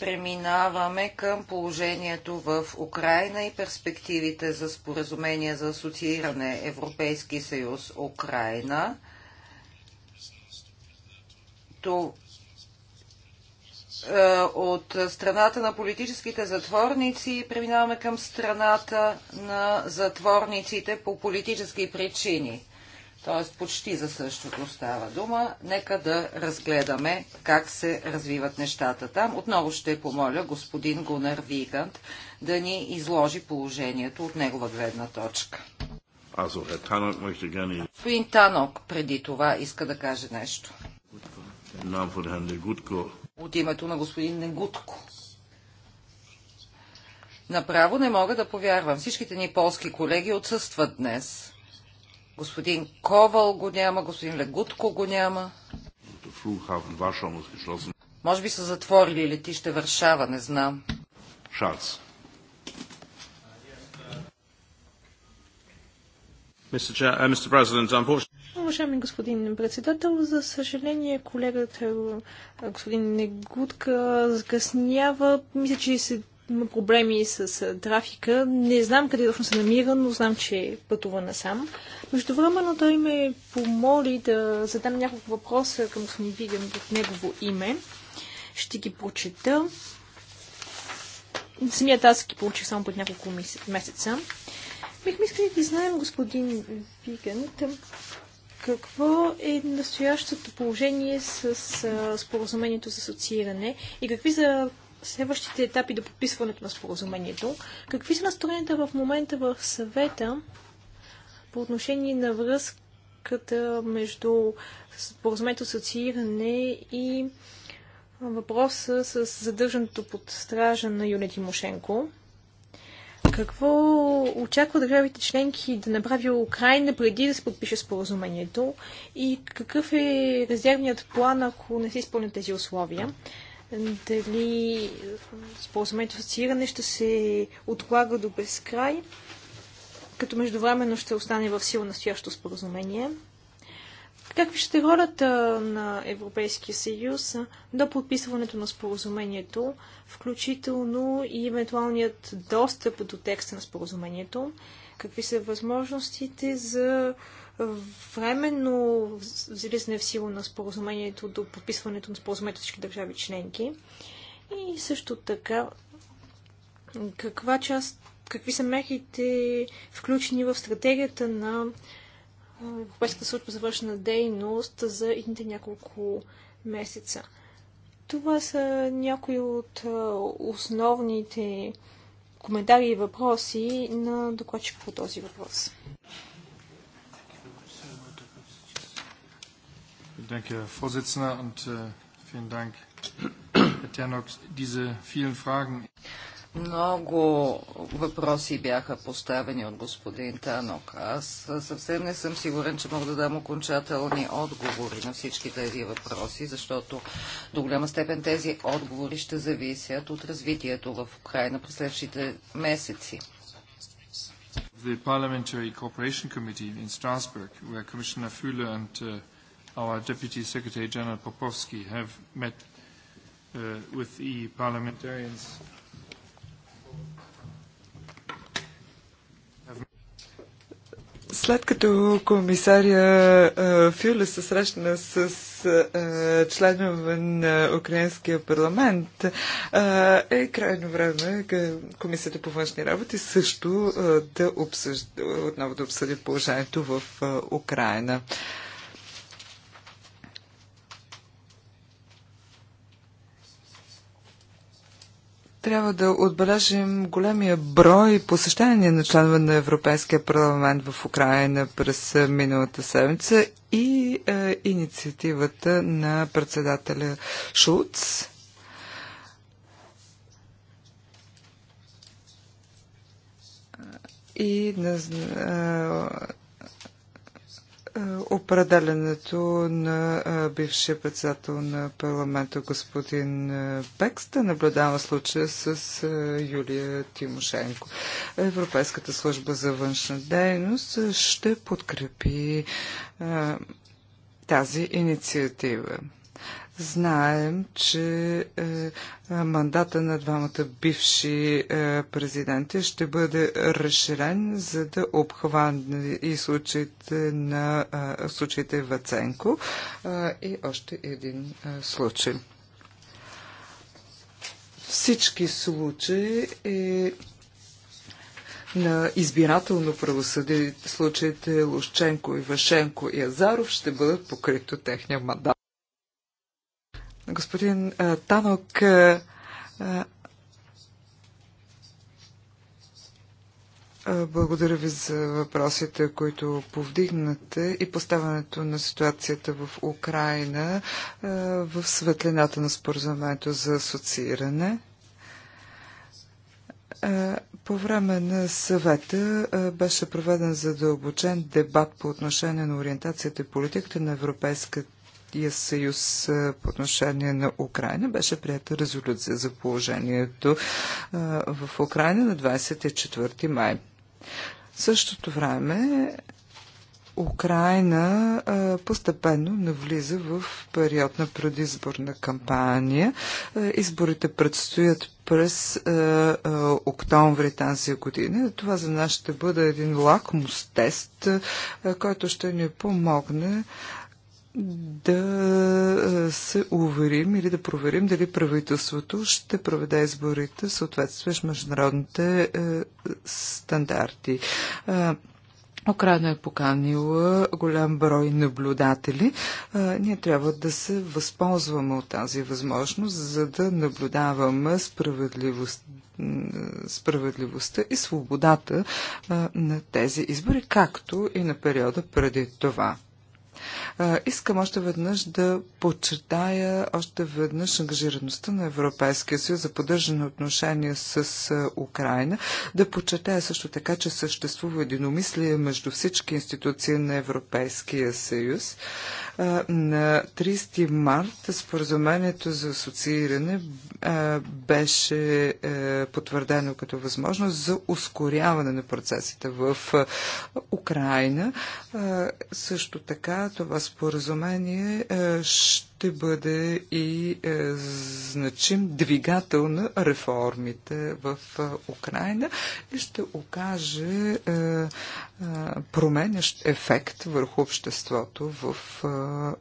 Speaker 2: Преминаваме към положението в Украина и перспективите за споразумение за асоцииране Европейски съюз Украина които е, от страната на политическите затворници преминаваме към страната на затворниците по политически причини. Тоест почти за същото става дума. Нека да разгледаме как се развиват нещата там. Отново ще помоля господин Гунар Вигант да ни изложи положението от негова гледна точка. Господин Танок преди това иска да каже нещо. От името на господин Негутко. Направо не мога да повярвам. Всичките ни полски колеги отсъстват днес. Господин Ковал го няма, господин Легутко го няма. Може би са затворили летище Варшава, не знам.
Speaker 3: Шац. Mr. President, unfortunately
Speaker 4: уважаеми господин председател. За съжаление, колегата е, господин Негутка закъснява. Мисля, че се има проблеми с трафика. Не знам къде точно се намира, но знам, че пътува насам. Между времено той ме помоли да задам няколко въпроса към господин Виган от негово име. Ще ги прочета. Самият аз ги получих само под няколко месеца. Бихме искали да знаем, господин Виган, какво е настоящото положение с споразумението за асоцииране и какви са следващите етапи до подписването на споразумението? Какви са настроенията в момента в съвета по отношение на връзката между споразумението асоцииране и въпроса с задържането под стража на Юлия Тимошенко? какво очаква държавите членки да направи Украина преди да се подпише споразумението и какъв е резервният план, ако не се изпълнят тези условия? Дали споразумението с асоцииране ще се отлага до безкрай, като междувременно ще остане в сила настоящото споразумение? Какви ще ролята на Европейския съюз до подписването на споразумението, включително и евентуалният достъп до текста на споразумението? Какви са възможностите за временно влизане в сила на споразумението до подписването на споразумението всички държави членки? И също така, каква част, какви са мерките включени в стратегията на Европейската служба за външна дейност за едните няколко месеца. Това са някои от основните коментари и въпроси на докладчик по този въпрос.
Speaker 3: Danke, Herr Vorsitzender, äh, Diese vielen Fragen.
Speaker 2: Много въпроси бяха поставени от господин Танок. Аз съвсем не съм сигурен, че мога да дам окончателни отговори на всички тези въпроси, защото до голяма степен тези отговори ще зависят от развитието в Украина през следващите месеци.
Speaker 3: The Parliamentary Cooperation Committee in Strasbourg, where Commissioner Fühle and uh, our Deputy Secretary General Popovsky have met uh, with the parliamentarians
Speaker 1: След като комисаря е, Фюле се срещна с е, членове на Украинския парламент, е, е крайно време Комисията по външни работи също да обсъжда, отново да обсъди положението в Украина. трябва да отбележим големия брой посещения на членове на Европейския парламент в Украина през миналата седмица и е, инициативата на председателя Шуц. И на, е, е, определенето на е, бившия председател на парламента господин е, Пекс да наблюдава случая с Юлия Тимошенко. Европейската служба за външна дейност ще подкрепи тази инициатива. Знаем, че е, мандата на двамата бивши е, президенти ще бъде разширен, за да обхване и случаите на е, случаите Ваценко е, и още един е, случай. Всички случаи е на избирателно правосъдие случаите Лушченко, Ивашенко и Азаров ще бъдат покрито техния мандат господин Танок благодаря ви за въпросите, които повдигнате и поставянето на ситуацията в Украина в светлината на споразумението за асоцииране. По време на съвета беше проведен задълбочен дебат по отношение на ориентацията и политиката на Европейската Европейския съюз по отношение на Украина. Беше прията резолюция за положението в Украина на 24 май. В същото време Украина постепенно навлиза в период на предизборна кампания. Изборите предстоят през октомври тази година. Това за нас ще бъде един лакмус тест, който ще ни помогне да е, се уверим или да проверим дали правителството ще проведе изборите в съответствие с международните е, стандарти. Е, Украина е поканила голям брой наблюдатели. ние трябва да се възползваме от тази възможност, за да наблюдаваме справедливост, справедливостта и свободата а, на тези избори, както и на периода преди това. Искам още веднъж да подчертая още веднъж ангажираността на Европейския съюз за поддържане отношения с Украина, да подчертая също така, че съществува единомислие между всички институции на Европейския съюз. На 30 март споразумението за асоцииране беше потвърдено като възможност за ускоряване на процесите в Украина. Също така това споразумение е, ще бъде и е, значим двигател на реформите в е, Украина и ще окаже променящ ефект върху обществото в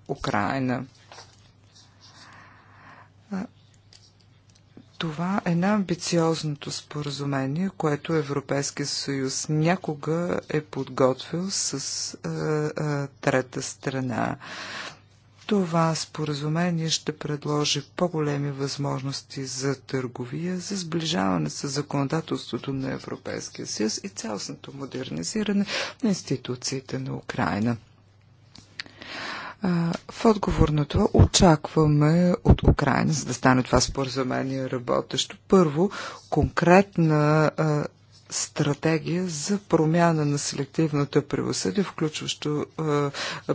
Speaker 1: Украина. Това е най амбициозното споразумение, което Европейския съюз някога е подготвил с а, а, трета страна. Това споразумение ще предложи по-големи възможности за търговия, за сближаване с законодателството на Европейския съюз и цялостното модернизиране на институциите на Украина. В отговор на това очакваме от Украина, за да стане това споразумение работещо, първо конкретна стратегия за промяна на селективното правосъдие, включващо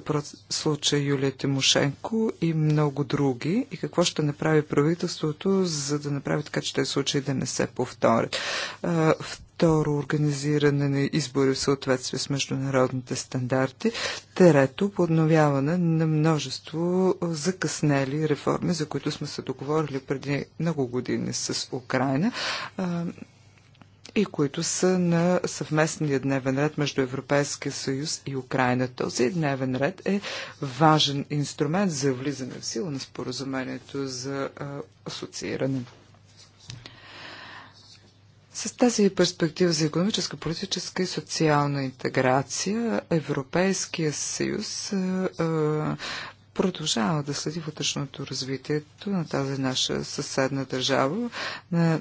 Speaker 1: е, случая Юлия Тимошенко и много други. И какво ще направи правителството, за да направи така, че тези случаи да не се повторят. Е, Второ, организиране на избори в съответствие с международните стандарти. Трето, подновяване на множество закъснели реформи, за които сме се договорили преди много години с Украина и които са на съвместния дневен ред между Европейския съюз и Украина. Този дневен ред е важен инструмент за влизане в сила на споразумението за асоцииране. С тази перспектива за економическа, политическа и социална интеграция Европейския съюз е, е, продължава да следи вътрешното развитието на тази наша съседна държава,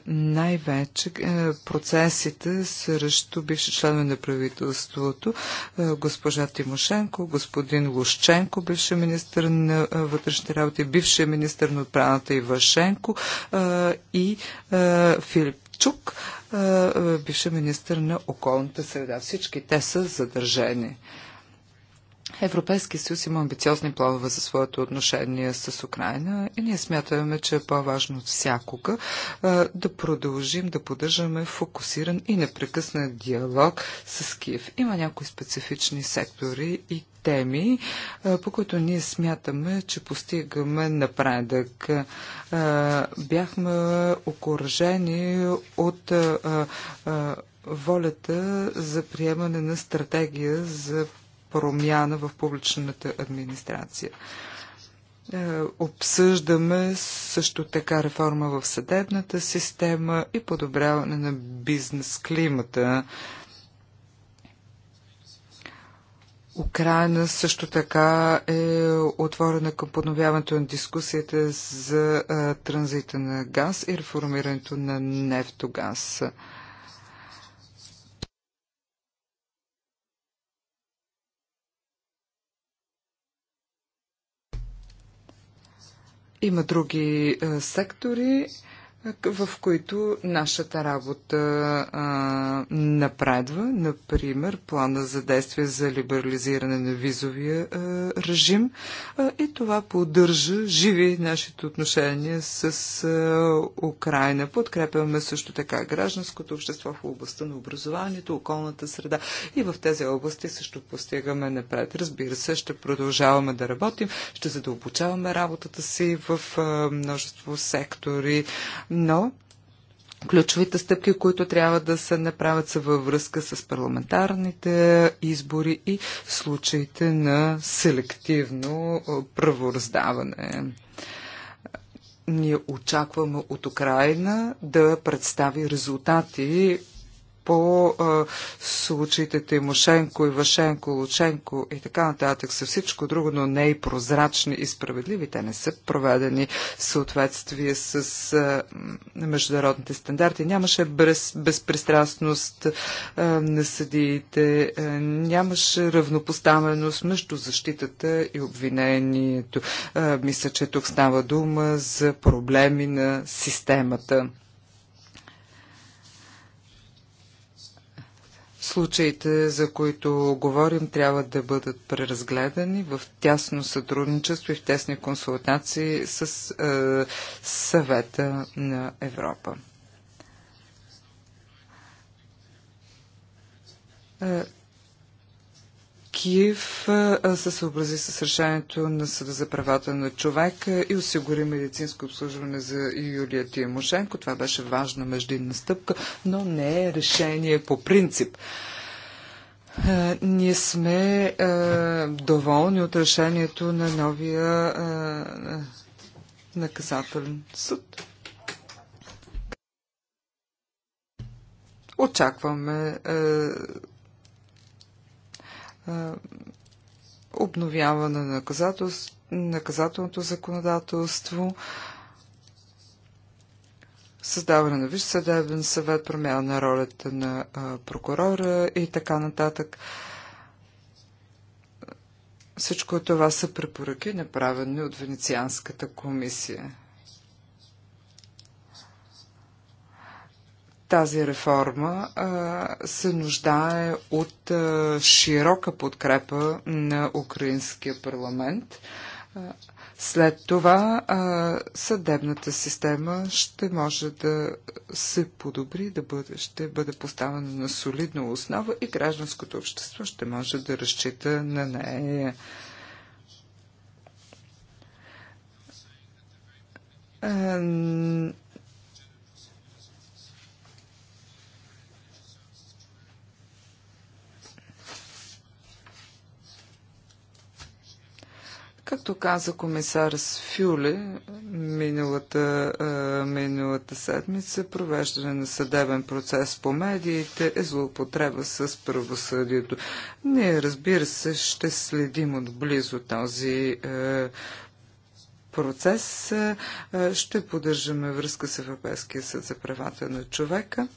Speaker 1: най-вече е, процесите срещу бивши членове на правителството, е, госпожа Тимошенко, господин Лушченко, бивши министр на е, вътрешните работи, бивши министр на отбраната Ивашенко и Филип Ковачук, бивше министър на околната среда. Всички те са задържени. Европейския съюз има амбициозни планове за своето отношение с Украина и ние смятаме, че е по-важно от всякога да продължим да поддържаме фокусиран и непрекъснат диалог с Киев. Има някои специфични сектори и теми, по които ние смятаме, че постигаме напредък. Бяхме окоръжени от волята за приемане на стратегия за промяна в публичната администрация. Обсъждаме също така реформа в съдебната система и подобряване на бизнес климата. Украина също така е отворена към подновяването на дискусията за транзита на газ и реформирането на нефтогаз. Има други сектори в които нашата работа а, напредва, например плана за действие за либерализиране на визовия а, режим а, и това поддържа живи нашите отношения с а, Украина. Подкрепяме също така гражданското общество в областта на образованието, околната среда и в тези области също постигаме напред. Разбира се, ще продължаваме да работим, ще задълбочаваме работата си в а, множество сектори но ключовите стъпки, които трябва да се направят са във връзка с парламентарните избори и случаите на селективно правораздаване. Ние очакваме от Украина да представи резултати по а, случаите Тимошенко, Ивашенко, Лученко и така нататък са всичко друго, но не и прозрачни и справедливи. Те не са проведени в съответствие с а, международните стандарти. Нямаше без, безпристрастност а, на съдиите, а, нямаше равнопоставеност между защитата и обвинението. А, мисля, че тук става дума за проблеми на системата. Случаите, за които говорим, трябва да бъдат преразгледани в тясно сътрудничество и в тесни консултации с е, съвета на Европа. Е, Киев се съобрази с решението на Съда за правата на човека и осигури медицинско обслужване за Юлия Тимошенко. Това беше важна междинна стъпка, но не е решение по принцип. Ние сме доволни от решението на новия наказателен съд. Очакваме обновяване на наказателното законодателство, създаване на Висш съдебен съвет, промяна на ролята на прокурора и така нататък. Всичко това са препоръки, направени от Венецианската комисия. Тази реформа а, се нуждае от а, широка подкрепа на украинския парламент. след това а, съдебната система ще може да се подобри, да бъде, ще бъде поставена на солидна основа и гражданското общество ще може да разчита на нея. А, Както каза комисар Фюле миналата, е, миналата седмица, провеждане на съдебен процес по медиите е злоупотреба с правосъдието. Ние, разбира се, ще следим отблизо този е, процес. Е, ще поддържаме връзка с Европейския съд за правата на човека.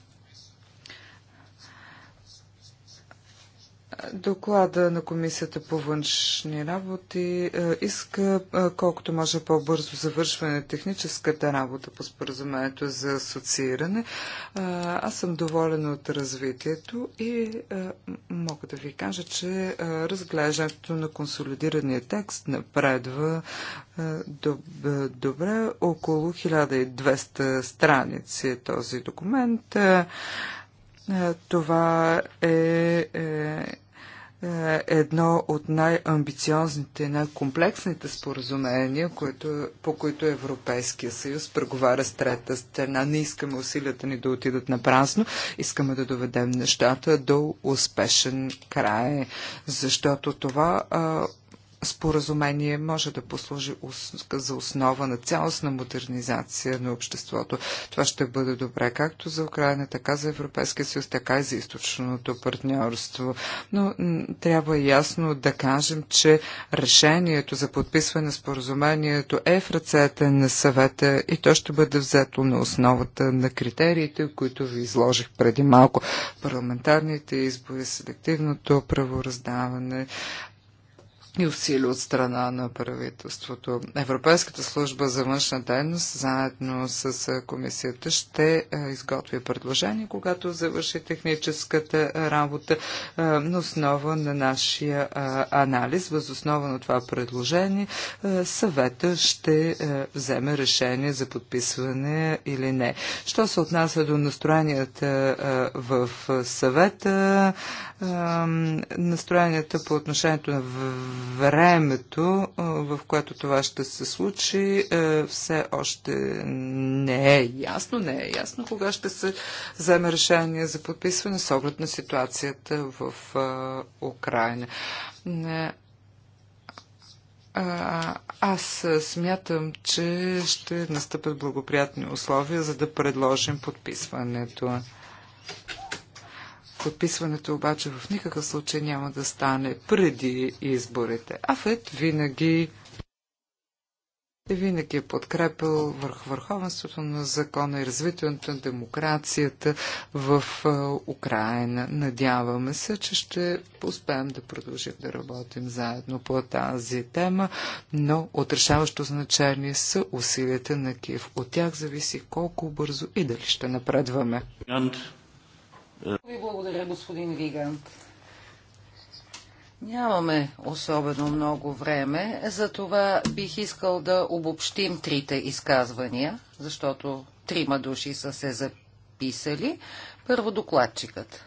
Speaker 1: Доклада на Комисията по външни работи е, иска е, колкото може по-бързо завършване на техническата работа по споразумението за асоцииране. Е, аз съм доволен от развитието и мога да ви кажа, че разглеждането на консолидирания текст напредва добре. Около 1200 страници е този документ. Това е, е е, едно от най-амбициозните, най-комплексните споразумения, които, по които Европейския съюз преговаря с трета страна. Не искаме усилията ни да отидат на празно, искаме да доведем нещата до успешен край, защото това а, споразумение може да послужи за основа на цялостна модернизация на обществото. Това ще бъде добре както за Украина, така за Европейския съюз, така и за източното партньорство. Но трябва ясно да кажем, че решението за подписване на споразумението е в ръцете на съвета и то ще бъде взето на основата на критериите, които ви изложих преди малко. Парламентарните избори, селективното правораздаване, и усилия от страна на правителството. Европейската служба за външна дейност, заедно с комисията, ще изготви предложение, когато завърши техническата работа на основа на нашия анализ. Въз основа на това предложение съвета ще вземе решение за подписване или не. Що се отнася до настроенията в съвета, настроенията по отношението на времето, в което това ще се случи, все още не е ясно. Не е ясно кога ще се вземе решение за подписване с оглед на ситуацията в Украина. Аз смятам, че ще настъпят благоприятни условия, за да предложим подписването. Подписването обаче в никакъв случай няма да стане преди изборите. Афет винаги винаги е подкрепил върху върховенството на закона и развитието на демокрацията в е, Украина. Надяваме се, че ще успеем да продължим да работим заедно по тази тема, но отрешаващо значение са усилията на Киев. От тях зависи
Speaker 2: колко бързо и дали ще напредваме. Ви благодаря, господин Вигант. Нямаме особено много време, затова бих искал да обобщим трите изказвания, защото трима души са се записали. Първо докладчикът.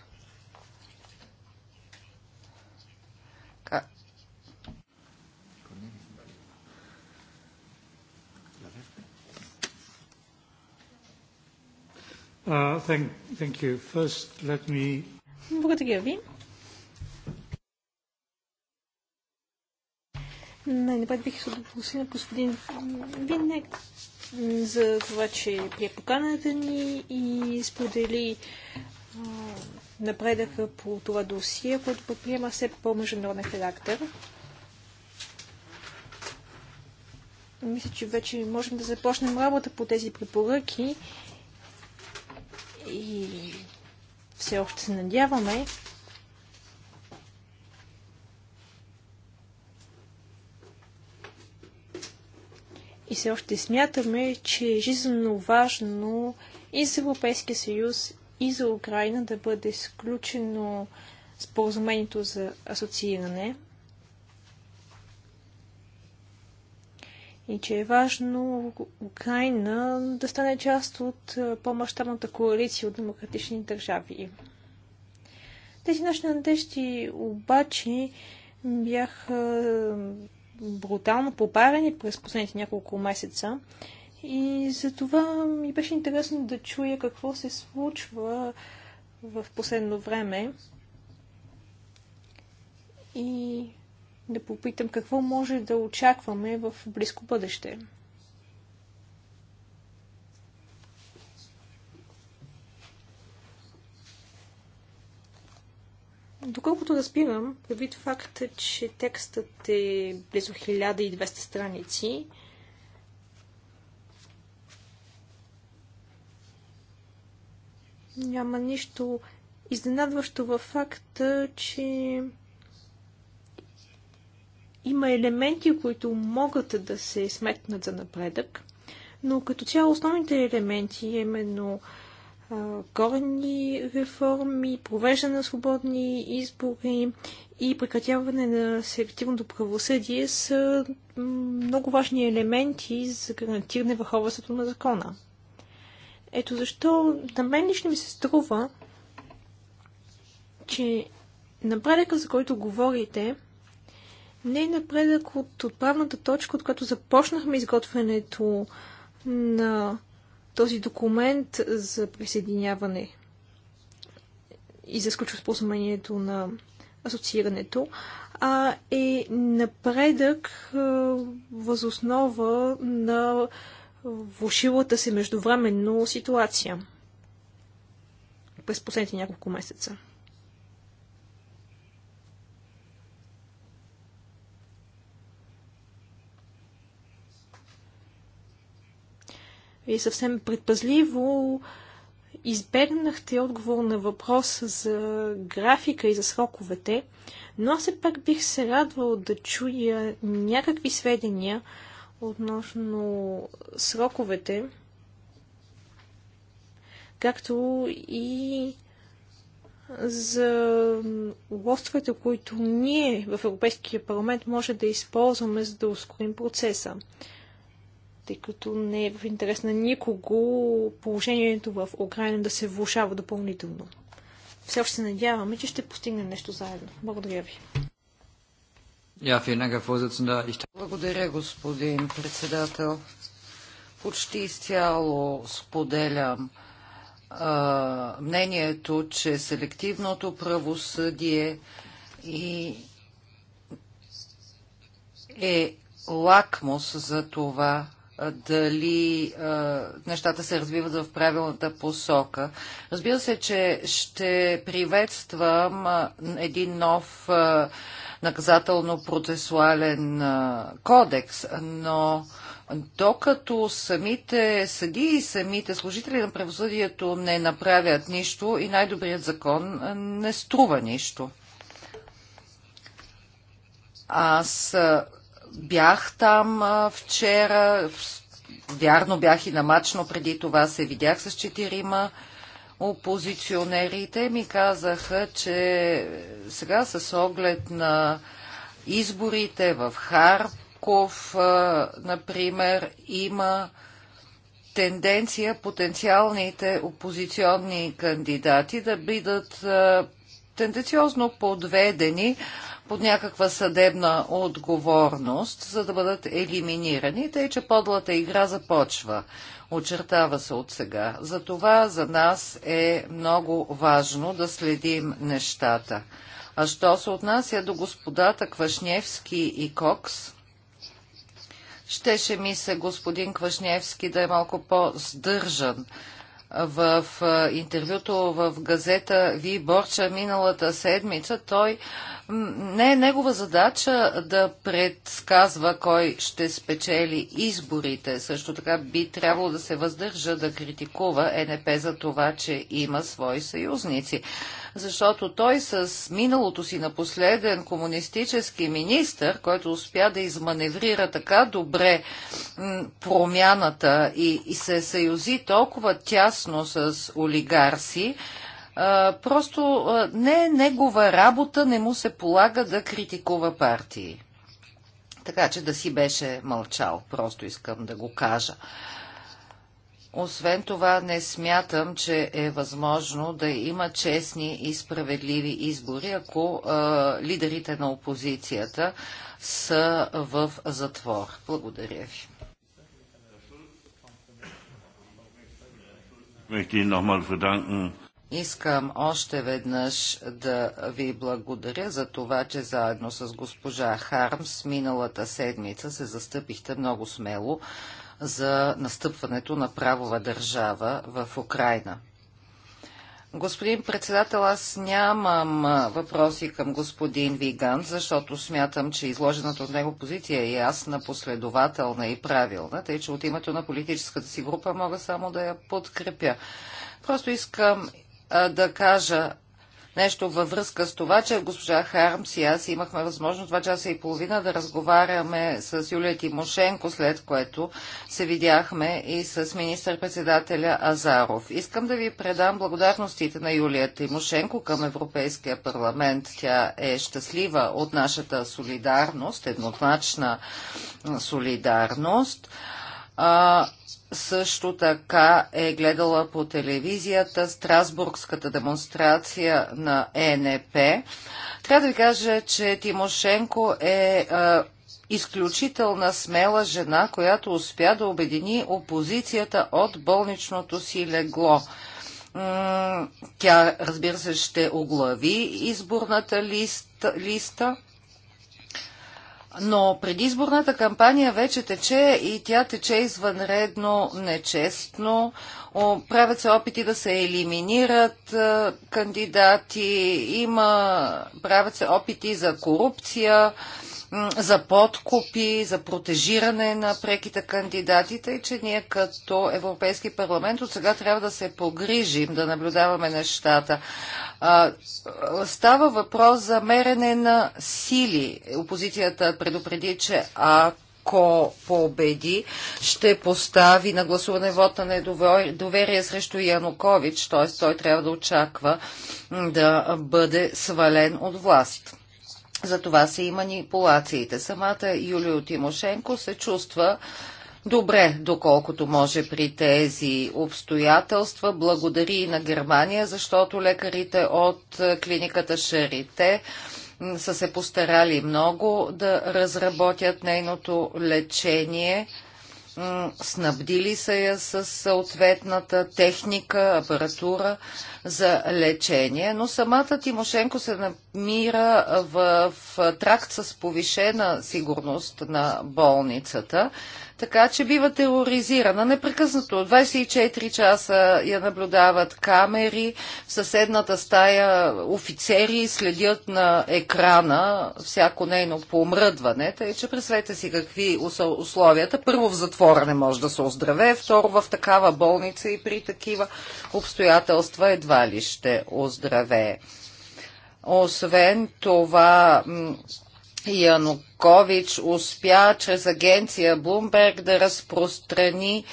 Speaker 3: Uh, thank, thank you. First, let me...
Speaker 4: Благодаря ви. най пак бих се благодаря на господин Виннек за това, че прие поканата ни и сподели а, напредъка по това досие, което предприема все по-международен характер. Мисля, че вече можем да започнем работа по тези препоръки и все още се надяваме, и все още смятаме, че е жизненно важно и за Европейския съюз, и за Украина да бъде сключено споразумението за асоцииране. и че е важно Украина да стане част от по-масштабната коалиция от демократични държави. Тези наши надежди обаче бяха брутално попарени през последните няколко месеца и за това ми беше интересно да чуя какво се случва в последно време. И да попитам какво може да очакваме в близко бъдеще. Доколкото разбирам, предвид факта, че текстът е близо 1200 страници, няма нищо изненадващо във факта, че има елементи, които могат да се сметнат за напредък, но като цяло основните елементи, е именно корени реформи, провеждане на свободни избори и прекратяване на селективното правосъдие са много важни елементи за гарантиране върховенството на закона. Ето защо на мен лично ми се струва, че напредъка, за който говорите, не е напредък от отправната точка, от която започнахме изготвянето на този документ за присъединяване и за сключва споразумението на асоциирането, а е напредък възоснова на влушилата се междувременно ситуация през последните няколко месеца. и съвсем предпазливо избегнахте отговор на въпрос за графика и за сроковете, но аз все пак бих се радвал да чуя някакви сведения относно сроковете, както и за лостовете, които ние в Европейския парламент може да използваме, за да ускорим процеса тъй като не е в интерес на никого положението в Украина да се влушава допълнително. Все още се надяваме, че ще постигнем нещо заедно. Благодаря ви.
Speaker 2: Благодаря, господин председател. Почти
Speaker 4: изцяло
Speaker 2: споделям а, мнението, че селективното правосъдие и е лакмус за това дали а, нещата се развиват в правилната посока. Разбира се, че ще приветствам а, един нов наказателно-процесуален кодекс, но докато самите съди и самите служители на правосъдието не направят нищо и най-добрият закон не струва нищо. Аз бях там а, вчера. Вярно бях и на мачно преди това се видях с четирима опозиционерите. Ми казаха, че сега с оглед на изборите в Харков, а, например, има тенденция потенциалните опозиционни кандидати да бидат а, тенденциозно подведени под някаква съдебна отговорност, за да бъдат елиминирани, тъй че подлата игра започва. Очертава се от сега. Затова за нас е много важно да следим нещата. А що се отнася до господата Квашневски и Кокс, щеше ми се господин Квашневски да е малко по-здържан в интервюто в газета Ви Борча миналата седмица той не е негова задача да предсказва кой ще спечели изборите. Също така би трябвало да се въздържа да критикува ЕНП за това, че има свои съюзници защото той с миналото си напоследен комунистически министр, който успя да изманеврира така добре промяната и, и се съюзи толкова тясно с олигарси, просто не е негова работа, не му се полага да критикува партии. Така че да си беше мълчал, просто искам да го кажа. Освен това, не смятам, че е възможно да има честни и справедливи избори, ако а, лидерите на опозицията са в затвор. Благодаря ви. Искам още веднъж да ви благодаря за това, че заедно с госпожа Хармс миналата седмица се застъпихте много смело за настъпването на правова държава в Украина. Господин председател, аз нямам въпроси към господин Виган, защото смятам, че изложената от него позиция е ясна, последователна и правилна, тъй че от името на политическата си група мога само да я подкрепя. Просто искам да кажа нещо във връзка с това, че госпожа Хармс и аз имахме възможност два часа и половина да разговаряме с Юлия Тимошенко, след което се видяхме и с министър-председателя Азаров. Искам да ви предам благодарностите на Юлия Тимошенко към Европейския парламент. Тя е щастлива от нашата солидарност, еднозначна солидарност. А, също така е гледала по телевизията Страсбургската демонстрация на ЕНП. Трябва да ви кажа, че Тимошенко е а, е, изключителна смела жена, която успя да обедини опозицията от болничното си легло. тя, разбира се, ще оглави изборната лист, листа но предизборната кампания вече тече и тя тече извънредно нечестно. Правят се опити да се елиминират е, кандидати, има, правят се опити за корупция, за подкупи, за протежиране на преките кандидатите и че ние като Европейски парламент от сега трябва да се погрижим, да наблюдаваме нещата. става въпрос за мерене на сили. Опозицията предупреди, че ако ако победи, ще постави на гласуване вод на недоверие срещу Янукович, т.е. той трябва да очаква да бъде свален от власт. За това са и манипулациите. Самата Юлио Тимошенко се чувства добре, доколкото може при тези обстоятелства. Благодари и на Германия, защото лекарите от клиниката Шарите са се постарали много да разработят нейното лечение. Снабдили са я с съответната техника, апаратура за лечение, но самата Тимошенко се намира в тракт с повишена сигурност на болницата, така че бива тероризирана непрекъснато. 24 часа я наблюдават камери, в съседната стая офицери следят на екрана всяко нейно помръдване, тъй че представете си какви условията. Първо в затвора не може да се оздраве, второ в такава болница и при такива обстоятелства едва едва ли ще оздравее. Освен това, Янукович успя чрез агенция Блумберг да разпространи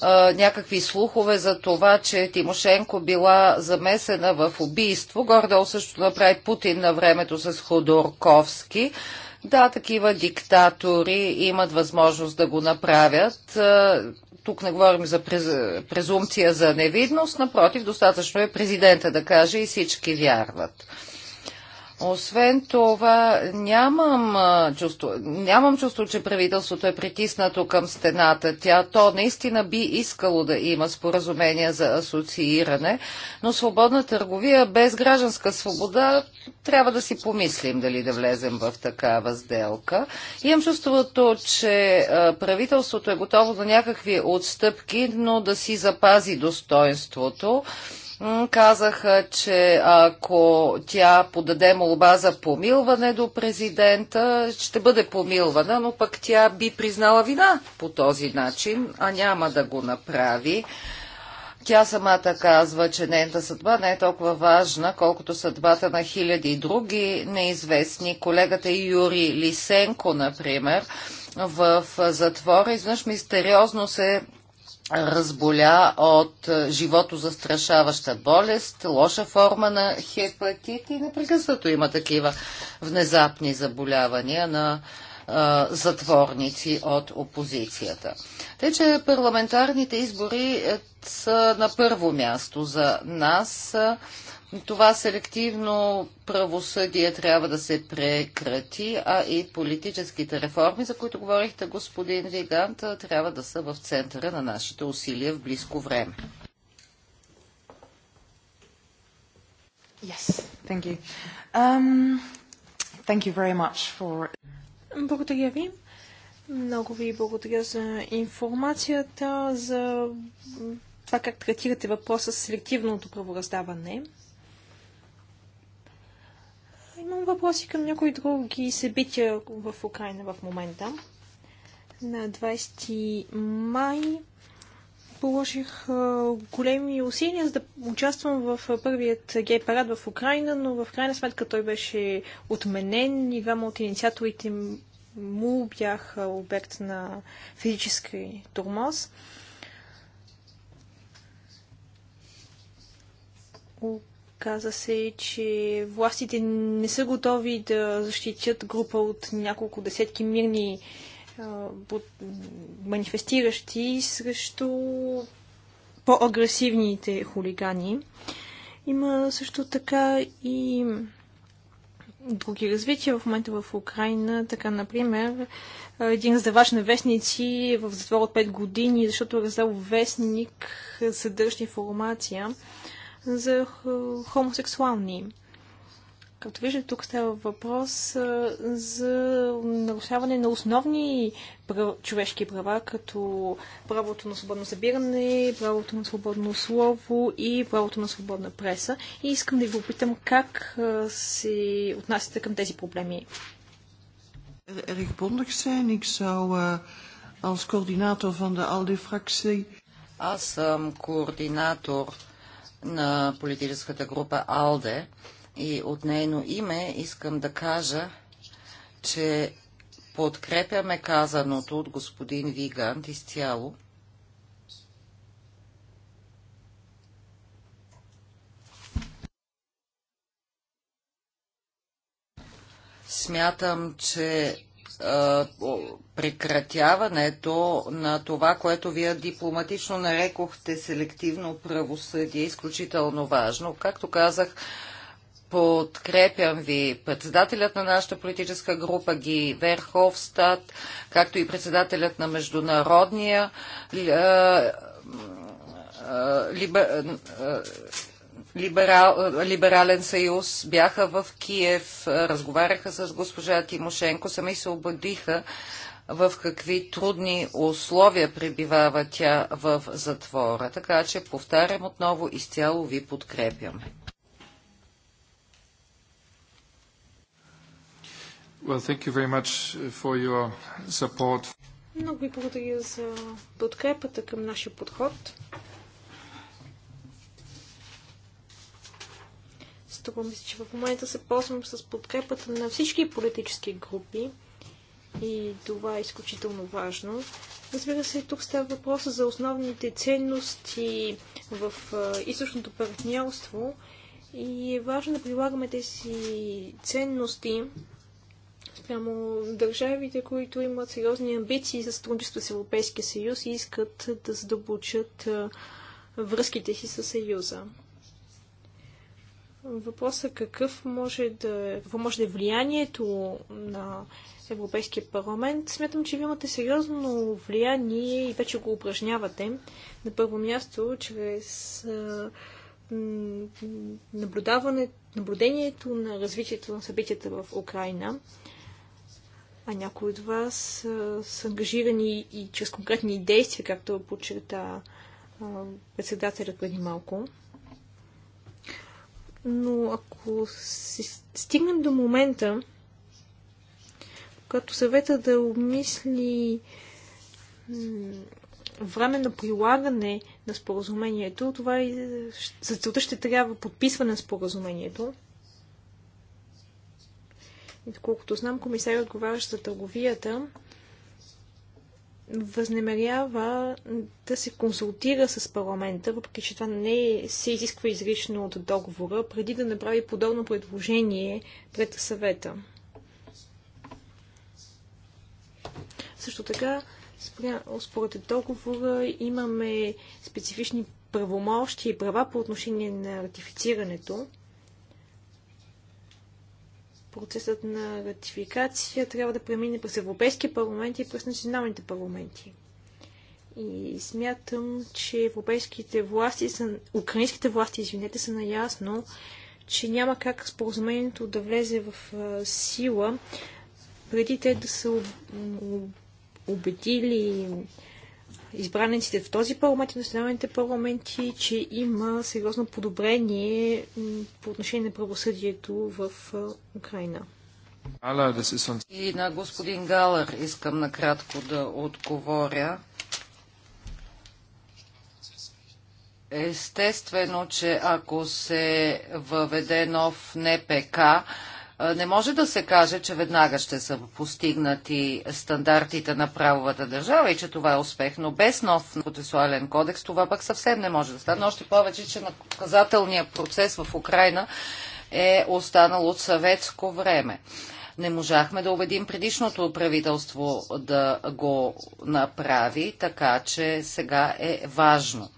Speaker 2: а, някакви слухове за това, че Тимошенко била замесена в убийство. Гордо също направи Путин на времето с Ходорковски. Да, такива диктатори имат възможност да го направят. Е, тук не говорим за презумпция за невидност, напротив, достатъчно е президента да каже и всички вярват. Освен това, нямам чувство, нямам чувство, че правителството е притиснато към стената. Тя то наистина би искало да има споразумение за асоцииране, но свободна търговия без гражданска свобода трябва да си помислим дали да влезем в такава сделка. Имам чувството, че правителството е готово до някакви отстъпки, но да си запази достоинството Казаха, че ако тя подаде молба за помилване до президента, ще бъде помилвана, но пък тя би признала вина по този начин, а няма да го направи. Тя самата казва, че нейната съдба не е толкова важна, колкото съдбата на хиляди и други неизвестни. Колегата Юри Лисенко, например, в затвора изнъж мистериозно се разболя от е, живото застрашаваща болест, лоша форма на хепатит и непрекъснато има такива внезапни заболявания на е, затворници от опозицията. Те че парламентарните избори е, са на първо място за нас. Това селективно правосъдие трябва да се прекрати, а и политическите реформи, за които говорихте, господин Вигант, трябва да са в центъра на нашите усилия в близко време.
Speaker 3: Yes, thank you.
Speaker 4: Um, thank you very much for... Благодаря ви. Много ви благодаря за информацията, за това как третирате въпроса с селективното правораздаване имам въпроси към някои други събития в Украина в момента. На 20 май положих големи усилия за да участвам в първият гей парад в Украина, но в крайна сметка той беше отменен и двама от инициаторите му бяха обект на физически тормоз. Каза се, че властите не са готови да защитят група от няколко десетки мирни манифестиращи срещу по-агресивните хулигани. Има също така и други развития в момента в Украина. Така, например, един раздавач на вестници е в затвор от 5 години, защото е раздал вестник, съдържа информация за хомосексуални. Както виждате, тук става въпрос за нарушаване на основни прав... човешки права, като правото на свободно събиране, правото на свободно слово и правото на свободна преса. И искам да ви опитам, как се отнасяте към тези проблеми.
Speaker 2: Erg съм Ik zou als coördinator van de alde Аз съм координатор на политическата група АЛДЕ и от нейно име искам да кажа, че подкрепяме казаното от господин Вигант изцяло. Смятам, че е, прекратяването на това, което вие дипломатично нарекохте селективно правосъдие, е изключително важно. Както казах, подкрепям ви председателят на нашата политическа група Ги Верховстат, както и председателят на Международния е, е, либер либерал, Либерален съюз, бяха в Киев, разговаряха с госпожа Тимошенко, сами се убедиха в какви трудни условия пребивава тя в затвора. Така че, повтарям отново, изцяло ви подкрепяме.
Speaker 3: Well, thank you very much for your support.
Speaker 4: Много ви благодаря за подкрепата към нашия подход. Струва ми се, че в момента се ползвам с подкрепата на всички политически групи и това е изключително важно. Разбира се, тук става въпроса за основните ценности в източното партньорство и е важно да прилагаме тези ценности спрямо държавите, които имат сериозни амбиции за сътрудничество с Европейския съюз и искат да задълбочат връзките си с Съюза. Въпросът е какъв може да, какво може да е влиянието на Европейския парламент. Смятам, че ви имате сериозно влияние и вече го упражнявате. На първо място, чрез наблюдаване, наблюдението на развитието на събитията в Украина. А някои от вас са, са ангажирани и чрез конкретни действия, както подчерта председателят преди малко но ако си стигнем до момента, когато съвета да обмисли време на прилагане на споразумението, това и за целта ще трябва подписване на споразумението. И доколкото знам, комисарът отговарящ за търговията възнамерява да се консултира с парламента, въпреки че това не се изисква изрично от договора, преди да направи подобно предложение пред съвета. Също така, според договора имаме специфични правомощи и права по отношение на ратифицирането процесът на ратификация трябва да премине през Европейския парламент и през националните парламенти. И смятам, че европейските власти са, украинските власти, извинете, са наясно, че няма как споразумението да влезе в а, сила преди те да са убедили избраниците в този парламент и националните парламенти, че има сериозно подобрение по отношение на правосъдието в Украина. И на
Speaker 2: господин Галър искам накратко да отговоря. Естествено, че ако се въведе нов НПК, не може да се каже, че веднага ще са постигнати стандартите на правовата държава и че това е успех, но без нов процесуален кодекс това пък съвсем не може да стане. Още повече, че наказателният процес в Украина е останал от съветско време. Не можахме да убедим предишното правителство да го направи, така че сега е важно.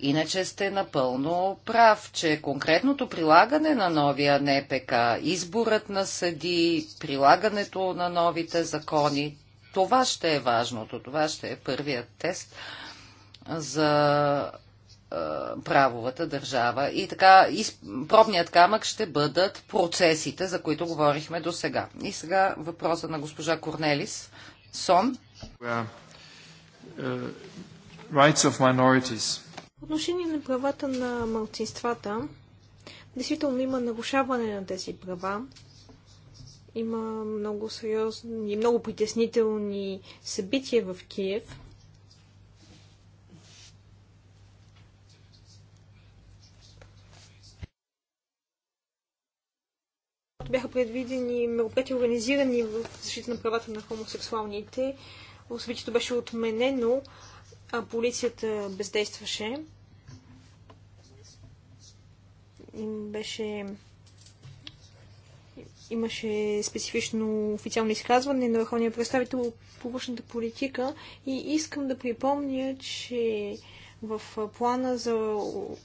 Speaker 2: Иначе сте напълно прав, че конкретното прилагане на новия НПК, изборът на съди, прилагането на новите закони, това ще е важното, това ще е първият тест за правовата държава. И така, из, пробният камък ще бъдат процесите, за които говорихме до сега. И сега въпроса на госпожа Корнелис. Сон.
Speaker 3: Uh, rights of minorities.
Speaker 4: По отношение на правата на малцинствата, действително има нарушаване на тези права. Има много сериозни, много притеснителни събития в Киев. бяха предвидени мероприятия, организирани в защита на правата на хомосексуалните. Освичето беше отменено, а полицията бездействаше. Им беше имаше специфично официално изказване на върховния представител по външната политика и искам да припомня, че в плана за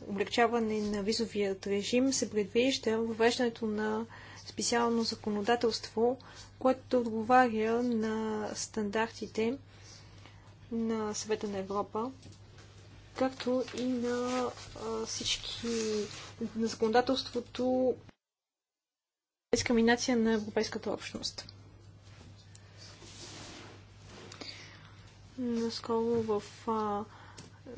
Speaker 4: облегчаване на визовият режим се предвижда въвеждането на специално законодателство, което отговаря на стандартите на Съвета на Европа, както и на всички на законодателството дискриминация на Европейската общност. Наскоро в а,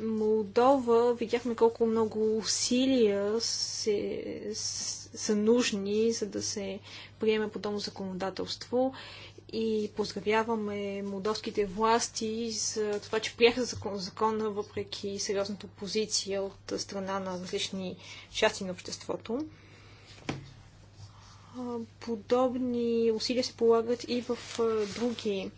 Speaker 4: Молдова видяхме колко много усилия се, с, са нужни, за да се приеме подобно законодателство и поздравяваме молдовските власти за това, че приеха закон, закона въпреки сериозната позиция от страна на различни части на обществото подобни усилия се полагат и в други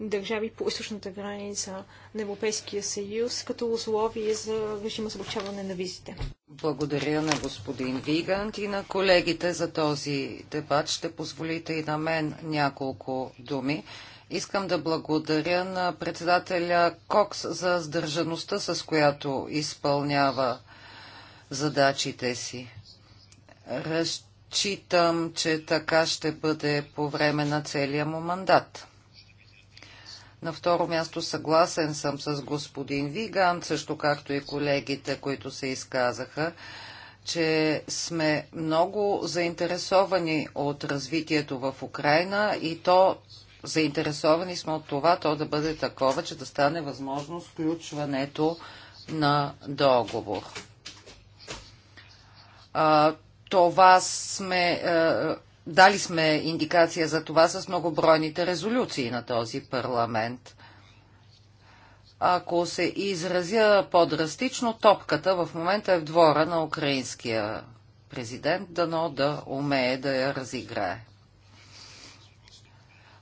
Speaker 4: държави по източната граница на Европейския съюз, като условие за режима за обучаване на визите.
Speaker 2: Благодаря на господин Вигант и на колегите за този дебат. Ще позволите и на мен няколко думи. Искам да благодаря на председателя Кокс за сдържаността, с която изпълнява задачите си. Раз Считам, че така ще бъде по време на целия му мандат. На второ място съгласен съм с господин Виган, също както и колегите, които се изказаха, че сме много заинтересовани от развитието в Украина и то заинтересовани сме от това то да бъде такова, че да стане възможно сключването на договор. А, това сме, е, дали сме индикация за това с многобройните резолюции на този парламент. Ако се изразя по-драстично, топката в момента е в двора на украинския президент, дано да умее да я разиграе.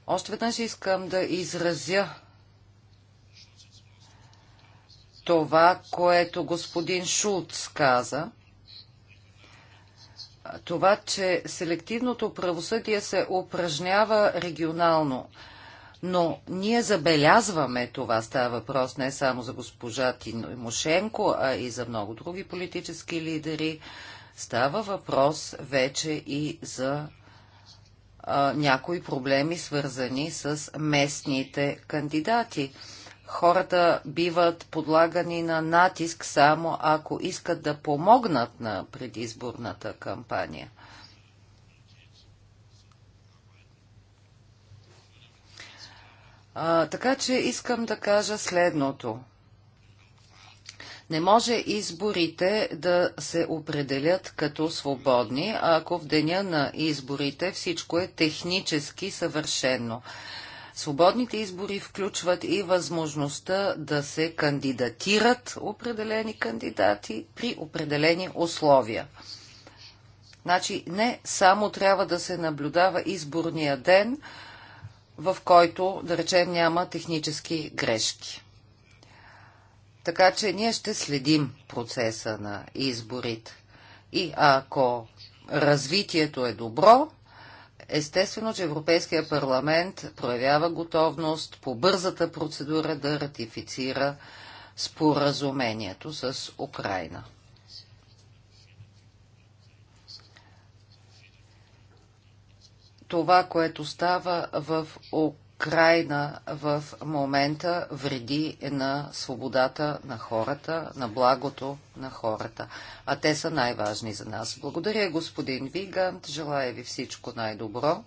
Speaker 2: Още веднъж искам да изразя това, което господин Шулц каза – това, че селективното правосъдие се упражнява регионално. Но ние забелязваме това, става въпрос не само за госпожа Тимошенко, а и за много други политически лидери. Става въпрос вече и за а, някои проблеми, свързани с местните кандидати хората биват подлагани на натиск само ако искат да помогнат на предизборната кампания. А, така че искам да кажа следното. Не може изборите да се определят като свободни, ако в деня на изборите всичко е технически съвършено. Свободните избори включват и възможността да се кандидатират определени кандидати при определени условия. Значи не само трябва да се наблюдава изборния ден, в който, да речем, няма технически грешки. Така че ние ще следим процеса на изборите. И ако развитието е добро, Естествено, че Европейския парламент проявява готовност по бързата процедура да ратифицира споразумението с Украина. Това, което става в Украина, крайна в момента вреди на свободата на хората, на благото на хората. А те са най-важни за нас. Благодаря, господин Вигант. Желая ви всичко най-добро.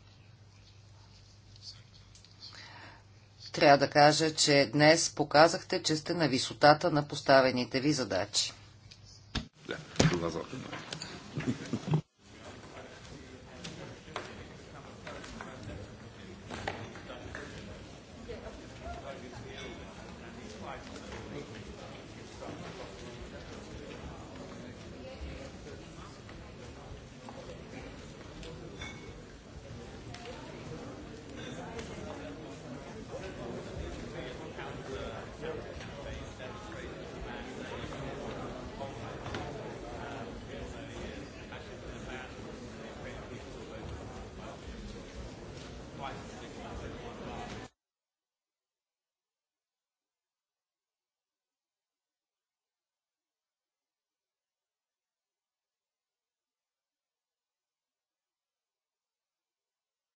Speaker 2: Трябва да кажа, че днес показахте, че сте на висотата на поставените ви задачи.